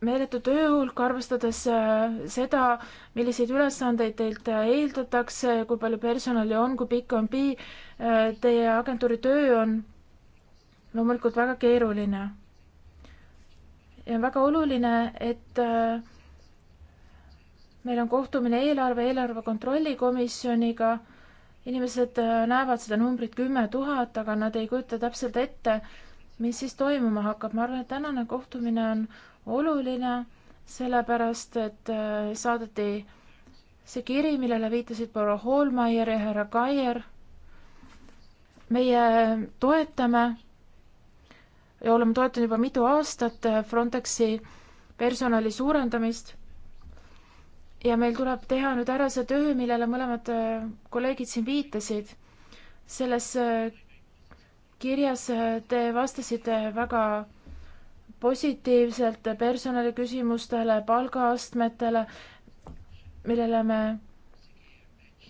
meeletu tööhulk, arvestades äh, seda, milliseid ülesandeid teilt äh, eeldatakse, kui palju personali on, kui pikk on pii. Äh, teie agentuuri töö on loomulikult väga keeruline. ja on väga oluline, et meil on kohtumine eelarve, eelarve kontrolli komisjoniga. inimesed näevad seda numbrit kümme tuhat, aga nad ei kujuta täpselt ette, mis siis toimuma hakkab. ma arvan, et tänane kohtumine on oluline, sellepärast et äh, saadeti see kiri, millele viitasid proua Hoolmeier ja härra Kaier. meie toetame ja oleme toetanud juba mitu aastat äh, Frontexi personali suurendamist ja meil tuleb teha nüüd ära see töö, millele mõlemad äh, kolleegid siin viitasid. selles kirjas te vastasite väga positiivselt personaliküsimustele, palgaastmetele, millele me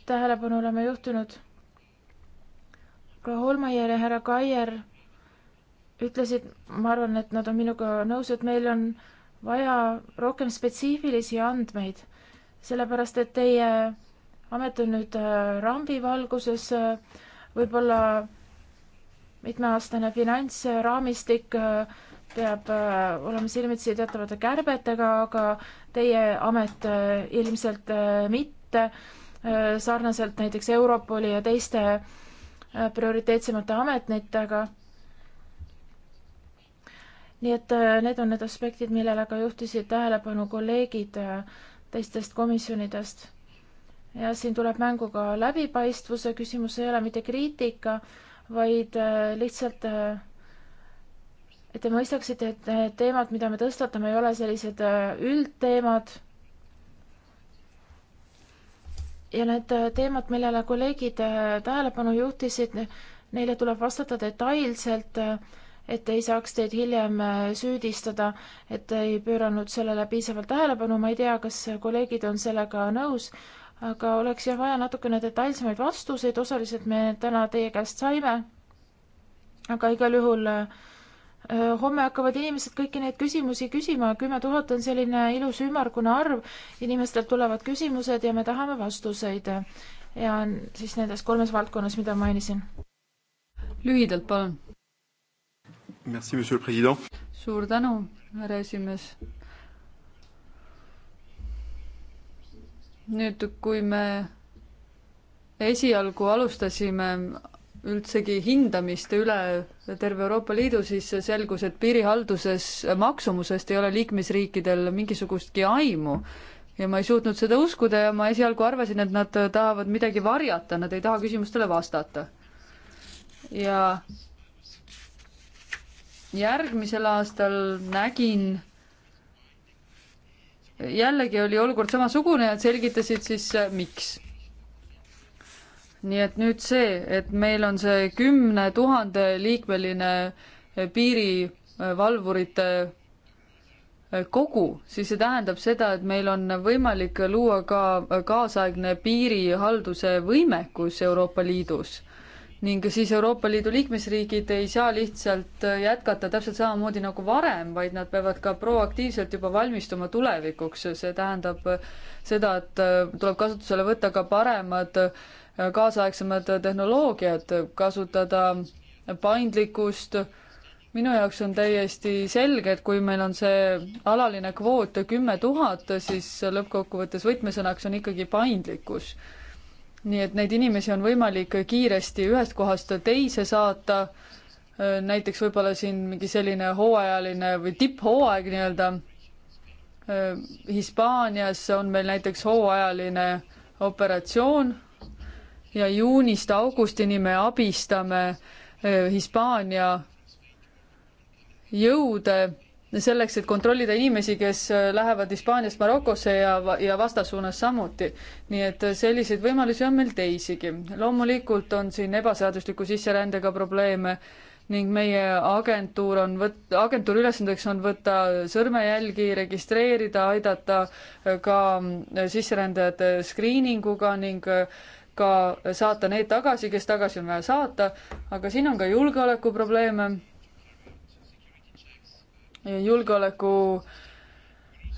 tähelepanu oleme juhtinud. ka Holmaier ja härra Kaier ütlesid, ma arvan, et nad on minuga nõus, et meil on vaja rohkem spetsiifilisi andmeid, sellepärast et teie amet on nüüd äh, rambivalguses, äh, võib-olla mitmeaastane finantsraamistik äh, peab äh, olema silmitsi teatavate kärbetega, aga teie amet äh, ilmselt äh, mitte, sarnaselt näiteks Europoli ja teiste prioriteetsemate ametnitega. nii et need on need aspektid, millele ka juhtisid tähelepanu kolleegid teistest komisjonidest. ja siin tuleb mängu ka läbipaistvuse küsimus, ei ole mitte kriitika, vaid lihtsalt et te mõistaksite, et need teemad, mida me tõstatame, ei ole sellised äh, üldteemad. ja need äh, teemad, millele kolleegid äh, tähelepanu juhtisid, neile tuleb vastata detailselt, et ei saaks teid hiljem süüdistada, et ei pööranud sellele piisavalt tähelepanu, ma ei tea, kas kolleegid on sellega nõus, aga oleks jah vaja natukene detailsemaid vastuseid, osaliselt me täna teie käest saime, aga igal juhul äh, homme hakkavad inimesed kõiki neid küsimusi küsima, kümme tuhat on selline ilus ümmargune arv, inimestelt tulevad küsimused ja me tahame vastuseid. ja siis nendes kolmes valdkonnas, mida mainisin. lühidalt, palun. suur tänu, härra esimees. nüüd, kui me esialgu alustasime üldsegi hindamist üle terve Euroopa Liidu, siis selgus, et piirihalduses maksumusest ei ole liikmesriikidel mingisugustki aimu. ja ma ei suutnud seda uskuda ja ma esialgu arvasin, et nad tahavad midagi varjata, nad ei taha küsimustele vastata. ja järgmisel aastal nägin jällegi oli olukord samasugune ja selgitasid siis, miks nii et nüüd see, et meil on see kümne tuhande liikmeline eh, piirivalvurite eh, kogu, siis see tähendab seda, et meil on võimalik luua ka kaasaegne piirihalduse võimekus Euroopa Liidus. ning siis Euroopa Liidu liikmesriigid ei saa lihtsalt eh, jätkata täpselt samamoodi nagu varem, vaid nad peavad ka proaktiivselt juba valmistuma tulevikuks, see tähendab seda, et tuleb kasutusele võtta ka paremad äh, kaasaegsemad tehnoloogiad, kasutada paindlikkust. minu jaoks on täiesti selge, et kui meil on see alaline kvoot kümme tuhat, siis lõppkokkuvõttes võtmesõnaks on ikkagi paindlikkus. nii et neid inimesi on võimalik kiiresti ühest kohast teise saata, näiteks võib-olla siin mingi selline hooajaline või tipphooaeg nii-öelda. Hispaanias on meil näiteks hooajaline operatsioon ja juunist augustini me abistame eh, Hispaania jõude selleks, et kontrollida inimesi, kes eh, lähevad Hispaaniast Marokosse ja, ja vastassuunas samuti. nii et eh, selliseid võimalusi on meil teisigi. loomulikult on siin ebaseadusliku sisserändega probleeme ning meie agentuur on võt-, agentuuri ülesandeks on võtta sõrmejälgi, registreerida, aidata ka mm, sisserändajate skriininguga ning äh, ka saata need tagasi, kes tagasi on vaja saata, aga siin on ka julgeolekuprobleeme. julgeoleku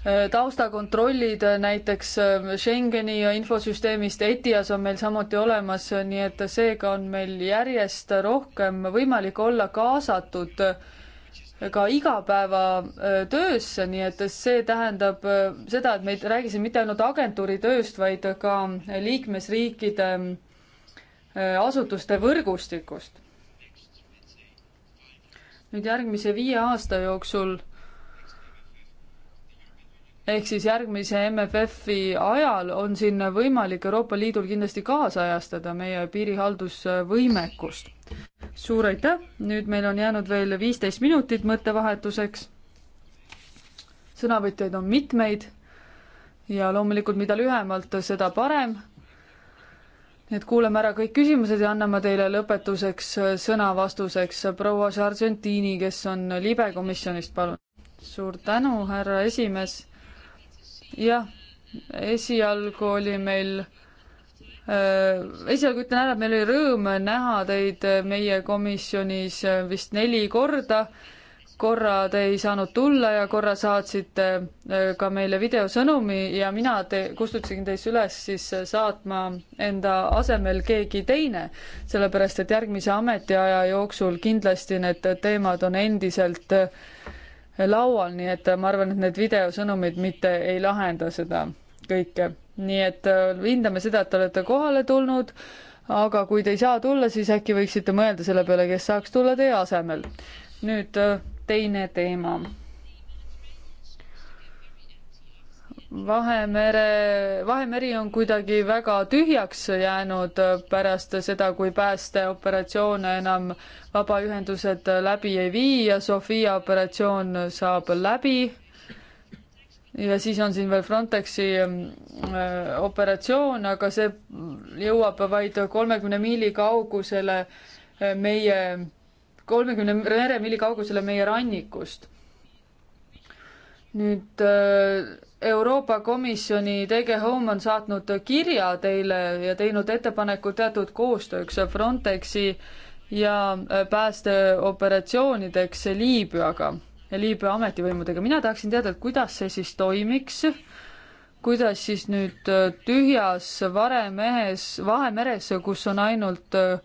äh, taustakontrollid äh, näiteks äh, Schengeni infosüsteemist, ETIAS on meil samuti olemas, nii et seega on meil järjest rohkem võimalik olla kaasatud äh, ka igapäevatöösse, nii et see tähendab seda, et me ei räägi siin mitte ainult agentuuritööst, vaid ka liikmesriikide asutuste võrgustikust. nüüd järgmise viie aasta jooksul ehk siis järgmise MFF-i ajal on siin võimalik Euroopa Liidul kindlasti kaasajastada meie piirihaldusvõimekust suur aitäh, nüüd meil on jäänud veel viisteist minutit mõttevahetuseks. sõnavõtjaid on mitmeid ja loomulikult, mida lühemalt, seda parem. nii et kuulame ära kõik küsimused ja anname teile lõpetuseks sõna vastuseks proua Sargentini, kes on libe komisjonist, palun. suur tänu, härra esimees. jah, esialgu oli meil Äh, esialgu ütlen ära, et meil oli rõõm näha teid meie komisjonis vist neli korda. korra te ei saanud tulla ja korra saatsite äh, ka meile videosõnumi ja mina te, kustutasin teist üles siis saatma enda asemel keegi teine, sellepärast et järgmise ametiaja jooksul kindlasti need teemad on endiselt äh, laual, nii et ma arvan, et need videosõnumid mitte ei lahenda seda kõike nii et äh, hindame seda, et te olete kohale tulnud, aga kui te ei saa tulla, siis äkki võiksite mõelda selle peale, kes saaks tulla teie asemel. nüüd äh, teine teema. Vahemere, Vahemeri on kuidagi väga tühjaks jäänud äh, pärast seda, kui päästeoperatsioone enam vabaühendused läbi ei vii ja Sofia operatsioon saab läbi ja siis on siin veel Frontexi ähm, äh, operatsioon, aga see jõuab vaid kolmekümne miili kaugusele äh, meie, kolmekümne meremiili kaugusele meie rannikust. nüüd äh, Euroopa Komisjoni TG Home on saatnud kirja teile ja teinud ettepaneku teatud koostööks Frontexi ja päästeoperatsioonideks Liibüaga Liibüa ametivõimudega. mina tahaksin teada, et kuidas see siis toimiks, kuidas siis nüüd äh, tühjas varemehes, Vahemeres, kus on ainult äh,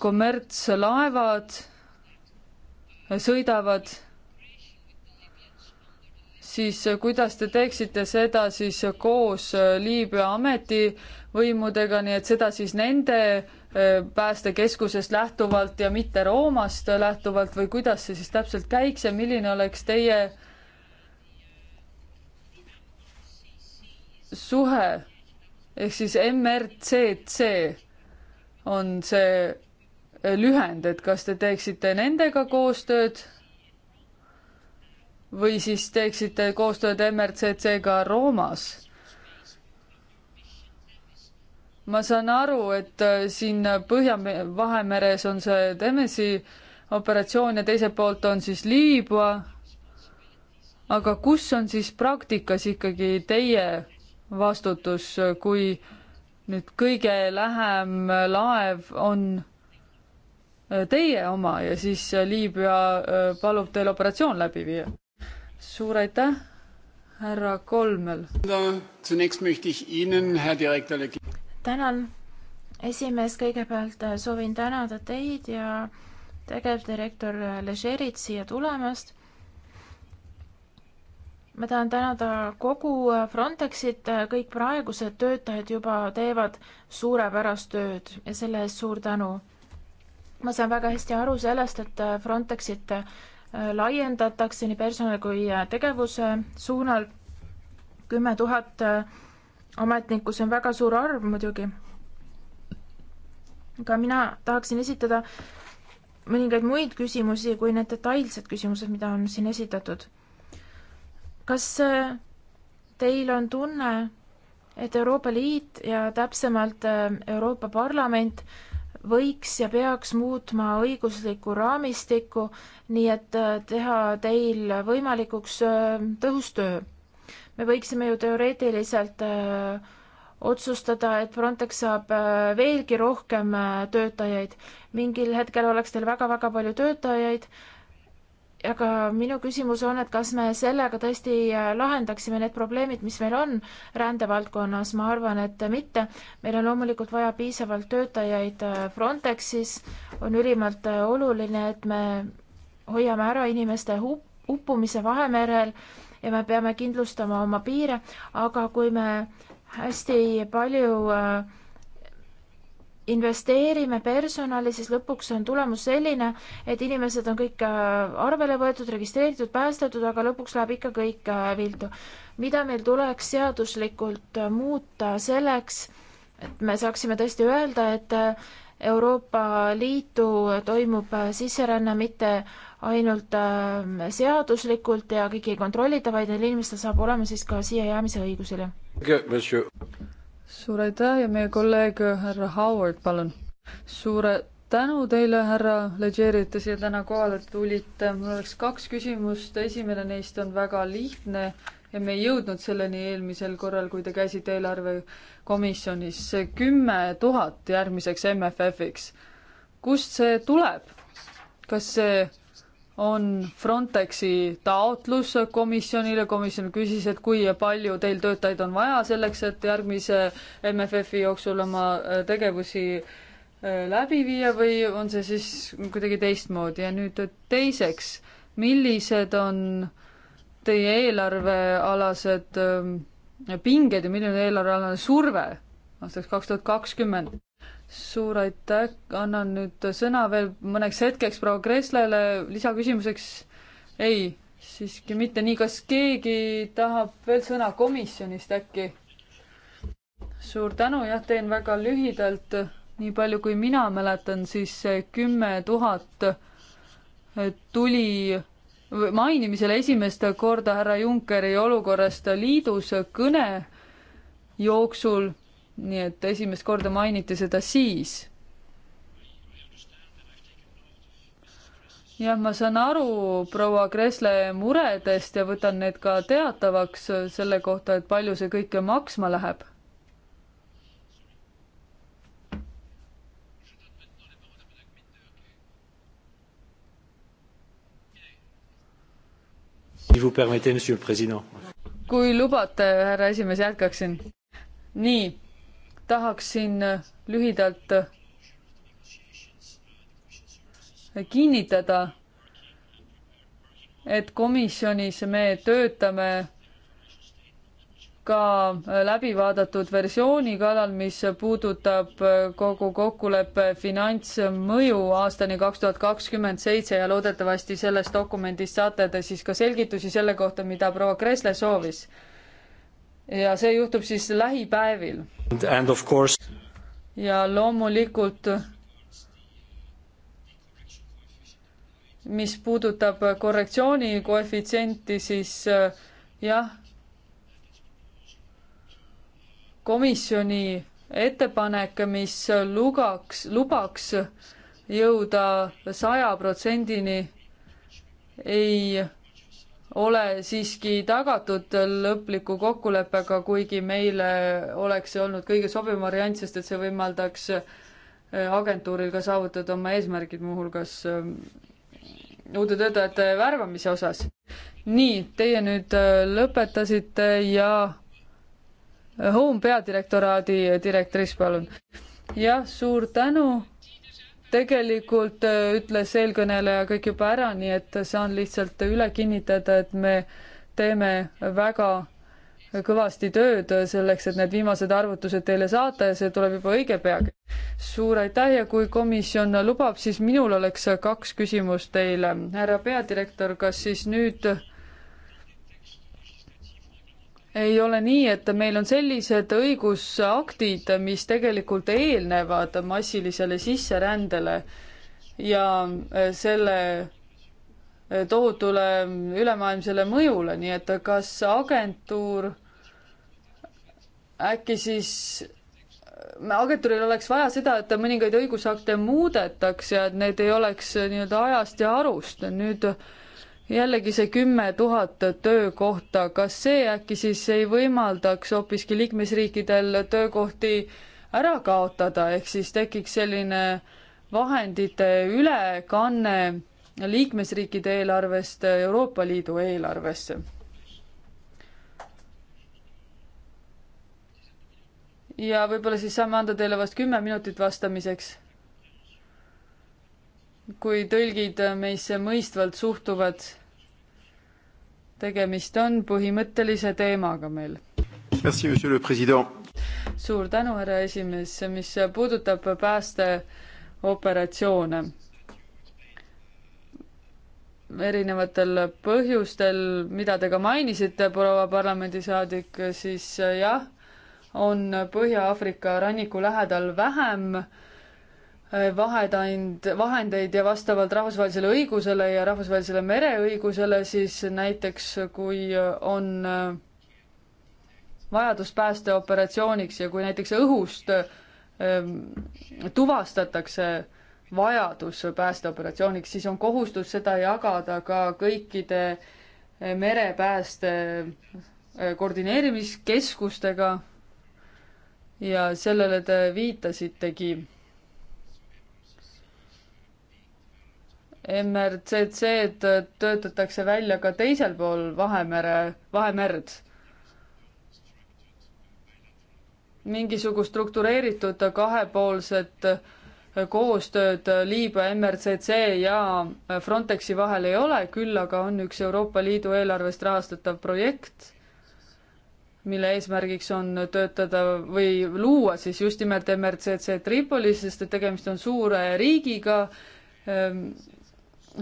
kommertslaevad, äh, sõidavad, siis kuidas te teeksite seda siis koos Liibüa ametivõimudega, nii et seda siis nende päästekeskusest lähtuvalt ja mitte Roomast lähtuvalt või kuidas see siis täpselt käiks ja milline oleks teie suhe ehk siis MRCC on see lühend, et kas te teeksite nendega koostööd või siis teeksite koostööd MRCC-ga Roomas ma saan aru, et äh, siin Põhja-Vahemeres on see Temesi operatsioon ja teiselt poolt on siis Liibüa. aga kus on siis praktikas ikkagi teie vastutus, kui nüüd kõige lähem laev on äh, teie oma ja siis Liibüa äh, palub teil operatsioon läbi viia? suur aitäh, härra Kolmel! tänan, esimees, kõigepealt äh, soovin tänada teid ja tegevdirektor äh, Ležerit siia tulemast. ma tahan tänada kogu äh, Frontexit, kõik praegused töötajad juba teevad suurepärast tööd ja selle eest suur tänu. ma saan väga hästi aru sellest, et Frontexit laiendatakse nii personali kui tegevuse suunal. kümme tuhat ametnikku, see on väga suur arv muidugi. aga mina tahaksin esitada mõningaid muid küsimusi kui need detailsed küsimused, mida on siin esitatud. kas äh, teil on tunne, et Euroopa Liit ja täpsemalt äh, Euroopa Parlament võiks ja peaks muutma õiguslikku raamistikku, nii et äh, teha teil võimalikuks tõhus töö me võiksime ju teoreetiliselt äh, otsustada, et Frontex saab äh, veelgi rohkem äh, töötajaid. mingil hetkel oleks teil väga-väga palju töötajaid, aga minu küsimus on, et kas me sellega tõesti äh, lahendaksime need probleemid, mis meil on rändevaldkonnas, ma arvan, et mitte. meil on loomulikult vaja piisavalt töötajaid Frontexis, on ülimalt oluline, et me hoiame ära inimeste uppumise Vahemerel ja me peame kindlustama oma piire, aga kui me hästi palju äh, investeerime personali, siis lõpuks on tulemus selline, et inimesed on kõik äh, arvele võetud, registreeritud, päästetud, aga lõpuks läheb ikka kõik äh, viltu. mida meil tuleks seaduslikult muuta selleks, et me saaksime tõesti öelda, et Euroopa Liitu toimub sisseränne mitte ainult ähm, seaduslikult ja kõiki ei kontrollita, vaid neil inimestel saab olema siis ka siia jäämise õigusele. suur aitäh ja meie kolleeg härra Howard, palun. suure tänu teile, härra Leggeri, et te siia täna kohale tulite. mul oleks kaks küsimust, esimene neist on väga lihtne ja me ei jõudnud selleni eelmisel korral, kui te käisite eelarvekomisjonis. see kümme tuhat järgmiseks MFF-iks, kust see tuleb? kas see on Frontexi taotlus komisjonile, komisjon küsis, et kui palju teil töötajaid on vaja selleks, et järgmise MFF-i jooksul oma äh, tegevusi äh, läbi viia või on see siis kuidagi teistmoodi ja nüüd teiseks, millised on teie eelarvealased ähm, pinged ja milline on eelarvealane surve aastaks kaks tuhat kakskümmend? suur aitäh, annan nüüd sõna veel mõneks hetkeks proua Kreslele lisaküsimuseks. ei, siiski mitte nii, kas keegi tahab veel sõna komisjonist äkki? suur tänu, jah, teen väga lühidalt, nii palju kui mina mäletan, siis see kümme tuhat tuli mainimisele esimest korda härra Junckeri olukorrast liidus kõne jooksul nii et esimest korda mainiti seda siis. jah, ma saan aru proua Kresle muredest ja võtan need ka teatavaks selle kohta, et palju see kõik maksma läheb. kui lubate, härra esimees, jätkaksin. nii tahaksin lühidalt kinnitada, et komisjonis me töötame ka läbivaadatud versiooni kallal, mis puudutab kogu kokkuleppe finantsmõju aastani kaks tuhat kakskümmend seitse ja loodetavasti selles dokumendis saate te siis ka selgitusi selle kohta, mida proua Kresle soovis ja see juhtub siis lähipäevil. ja loomulikult mis puudutab korrektsioonikoefitsienti, siis eh, jah, komisjoni ettepanek, mis lugaks, lubaks jõuda saja protsendini, ei ole siiski tagatud lõpliku kokkuleppega, kuigi meile oleks see olnud kõige sobivam variant, sest et see võimaldaks äh, agentuuril ka saavutada oma eesmärgid, muuhulgas äh, uute töötajate värvamise osas. nii, teie nüüd äh, lõpetasite ja Home peadirektoraadi direktoriks, palun. jah, suur tänu tegelikult äh, ütles eelkõneleja kõik juba ära, nii et saan lihtsalt üle kinnitada, et me teeme väga kõvasti tööd selleks, et need viimased arvutused teile saata ja see tuleb juba õige pea. suur aitäh ja kui komisjon lubab, siis minul oleks kaks küsimust teile. härra peadirektor, kas siis nüüd ei ole nii, et meil on sellised õigusaktid, mis tegelikult eelnevad massilisele sisserändele ja äh, selle äh, tohutule ülemaailmsele mõjule, nii et kas agentuur äkki siis, äh, agentuuril oleks vaja seda, et mõningaid õigusakte muudetaks ja et need ei oleks nii-öelda ajast ja arust, nüüd äh, jällegi see kümme tuhat töökohta, kas see äkki siis ei võimaldaks hoopiski liikmesriikidel töökohti ära kaotada, ehk siis tekiks selline vahendite ülekanne liikmesriikide eelarvest Euroopa Liidu eelarvesse? ja võib-olla siis saame anda teile vast kümme minutit vastamiseks kui tõlgid meisse mõistvalt suhtuvad. tegemist on põhimõttelise teemaga meil. suur tänu, härra esimees, mis puudutab päästeoperatsioone. erinevatel põhjustel, mida te ka mainisite, proua parlamendisaadik, siis jah, on Põhja-Aafrika ranniku lähedal vähem äh, Äh, vahedain-, vahendeid ja vastavalt rahvusvahelisele õigusele ja rahvusvahelisele mereõigusele, siis näiteks kui on äh, vajadus päästeoperatsiooniks ja kui näiteks õhust ähm, tuvastatakse vajadus päästeoperatsiooniks, siis on kohustus seda jagada ka kõikide äh, merepääste koordineerimiskeskustega ja sellele te viitasitegi MRCC-d töötatakse välja ka teisel pool Vahemere, Vahemerd. mingisugust struktureeritud kahepoolset koostööd Liibüa MRCC ja Frontexi vahel ei ole, küll aga on üks Euroopa Liidu eelarvest rahastatav projekt, mille eesmärgiks on töötada või luua siis just nimelt MRCC Tripolis, sest et tegemist on suure riigiga,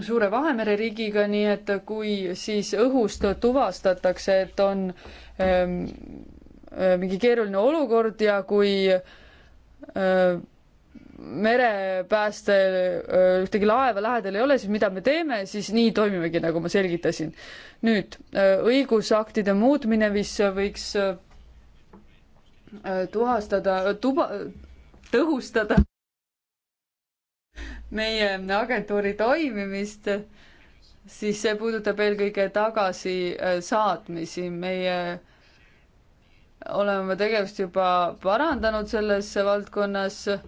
suure Vahemere riigiga, nii et kui siis õhust tuvastatakse, et on ähm, äh, mingi keeruline olukord ja kui äh, merepääste äh, ühtegi laeva lähedal ei ole, siis mida me teeme, siis nii toimimegi, nagu ma selgitasin. nüüd äh, õigusaktide muutmine, mis võiks tuhastada, tuba, tõhustada meie agentuuri toimimist, siis see puudutab eelkõige tagasisaatmisi. Äh, meie oleme oma tegevust juba parandanud selles valdkonnas nüüd.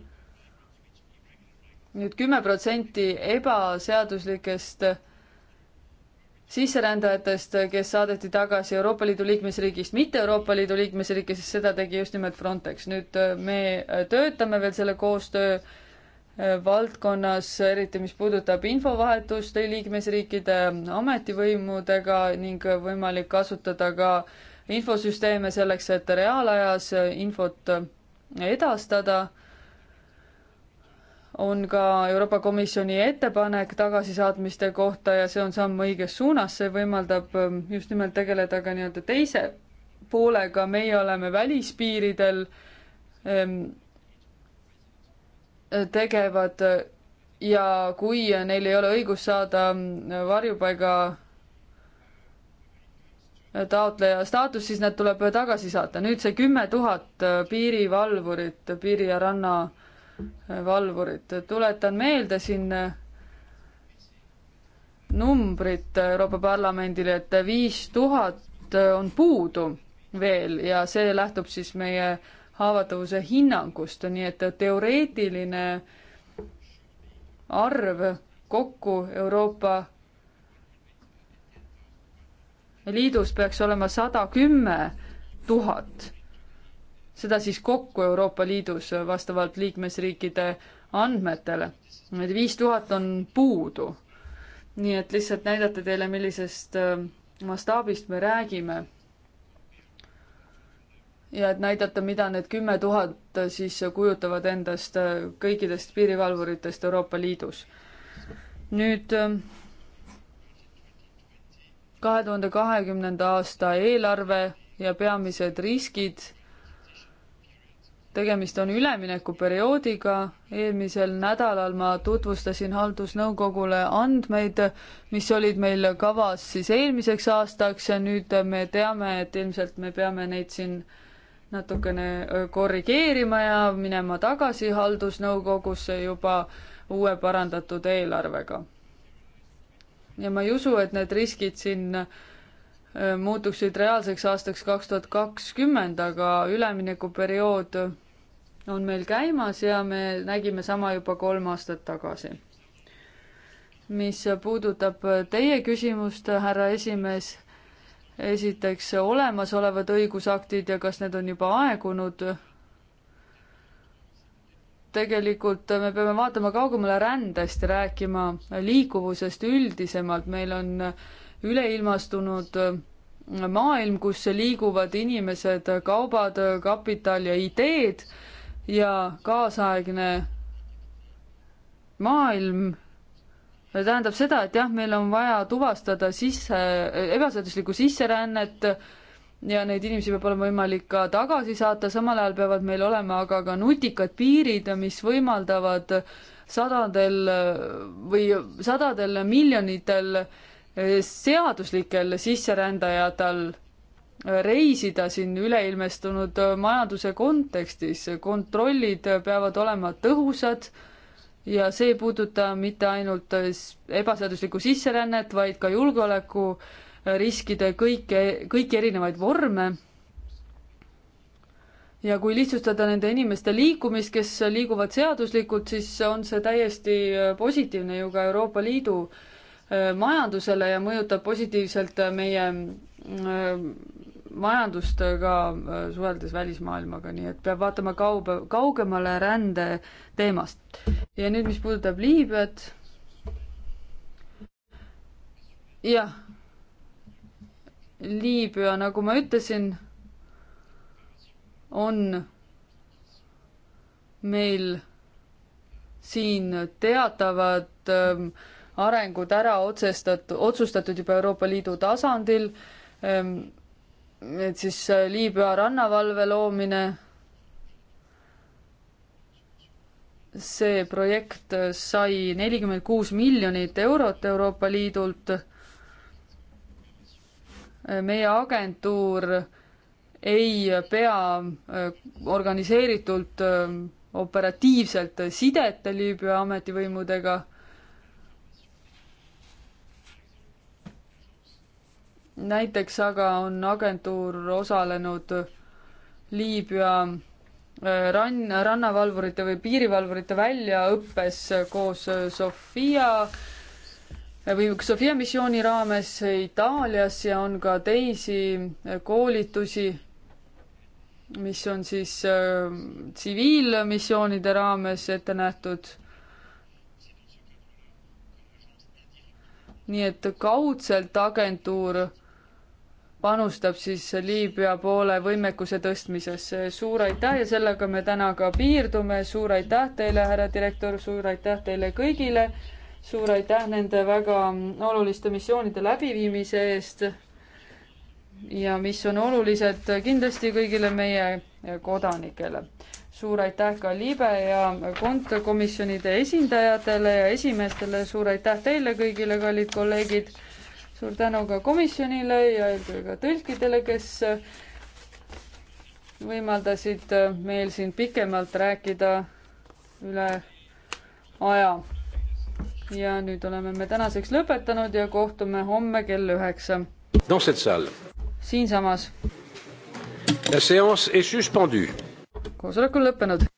nüüd kümme protsenti ebaseaduslikest sisserändajatest, kes saadeti tagasi Euroopa Liidu liikmesriigist mitte Euroopa Liidu liikmesriiki, sest seda tegi just nimelt Frontex. nüüd äh, me äh, töötame veel selle koostöö Äh, valdkonnas, eriti mis puudutab infovahetust liikmesriikide ametivõimudega ning võimalik kasutada ka infosüsteeme selleks, et reaalajas infot edastada. on ka Euroopa Komisjoni ettepanek tagasisaatmiste kohta ja see on samm õiges suunas, see võimaldab ähm, just nimelt tegeleda ka nii-öelda teise poolega, meie oleme välispiiridel ähm, tegevad äh, ja kui neil ei ole õigust saada mm, varjupaiga äh, taotleja staatus, siis nad tuleb tagasi saata. nüüd see kümme tuhat äh, piirivalvurit, piiri ja ranna valvurit, tuletan meelde siin numbrit Euroopa Parlamendile, et viis tuhat on puudu veel ja see lähtub siis meie äh, haavatavuse hinnangust, nii et teoreetiline arv kokku Euroopa Liidus peaks olema sada kümme tuhat. seda siis kokku Euroopa Liidus vastavalt liikmesriikide andmetele. et viis tuhat on puudu. nii et lihtsalt näidata teile, millisest äh, mastaabist me räägime ja et näidata, mida need kümme tuhat siis kujutavad endast kõikidest piirivalvuritest Euroopa Liidus. nüüd ähm, kahe tuhande kahekümnenda aasta eelarve ja peamised riskid. tegemist on üleminekuperioodiga. eelmisel nädalal ma tutvustasin haldusnõukogule andmeid, mis olid meil kavas siis eelmiseks aastaks ja nüüd me teame, et ilmselt me peame neid siin äh, natukene korrigeerima ja minema tagasi haldusnõukogusse juba uue parandatud eelarvega. ja ma ei usu, et need riskid siin muutuksid reaalseks aastaks kaks tuhat kakskümmend, aga üleminekuperiood on meil käimas ja me nägime sama juba kolm aastat tagasi. mis puudutab teie küsimust, härra esimees esiteks olemasolevad õigusaktid ja kas need on juba aegunud. tegelikult me peame vaatama kaugemale rändest ja rääkima liikuvusest üldisemalt, meil on üleilmastunud maailm, kus liiguvad inimesed, kaubad, kapital ja ideed ja kaasaegne maailm tähendab seda, et jah, meil on vaja tuvastada sisse, ebaseaduslikku sisserännet ja neid inimesi peab olema võimalik ka tagasi saata, samal ajal peavad meil olema aga ka nutikad piirid, mis võimaldavad sadadel või sadadel miljonitel seaduslikel sisserändajatel reisida siin üleilmestunud majanduse kontekstis, kontrollid peavad olema tõhusad ja see ei puuduta mitte ainult äh, ebaseaduslikku sisserännet, vaid ka julgeolekuriskide äh, kõike, kõiki erinevaid vorme. ja kui lihtsustada nende inimeste liikumist, kes liiguvad seaduslikult, siis on see täiesti äh, positiivne ju ka Euroopa Liidu majandusele ja mõjutab positiivselt meie majandustega äh, suheldes välismaailmaga, nii et peab vaatama kaube, kaugemale rände teemast. ja nüüd, mis puudutab Liibüat. jah. Liibüa, nagu ma ütlesin, on meil siin teatavad ähm, arengud ära otsestatud, otsustatud juba Euroopa Liidu tasandil ähm, et siis äh, Liibüa rannavalve loomine, see projekt äh, sai nelikümmend kuus miljonit eurot Euroopa Liidult. Äh, meie agentuur ei pea organiseeritult operatiivselt sidet Liibüa ametivõimudega näiteks aga on agentuur osalenud Liibüa äh, rann, rannavalvurite või piirivalvurite väljaõppes koos äh, Sofia äh, või Sofia missiooni raames Itaalias ja on ka teisi koolitusi, mis on siis tsiviilmissioonide äh, raames ette nähtud. nii et kaudselt agentuur panustab siis Liibüa poole võimekuse tõstmisesse. suur aitäh ja sellega me täna ka piirdume. suur aitäh teile, härra direktor, suur aitäh teile kõigile. suur aitäh nende väga oluliste missioonide läbiviimise eest. ja mis on olulised kindlasti kõigile meie kodanikele. suur aitäh ka libe ja kontkomisjonide esindajatele ja esimeestele. suur aitäh teile kõigile, kallid kolleegid suur tänu ka komisjonile ja eelkõige tõlkidele, kes võimaldasid meil siin pikemalt rääkida üle aja. ja nüüd oleme me tänaseks lõpetanud ja kohtume homme kell üheksa. siinsamas. koosolek on lõppenud.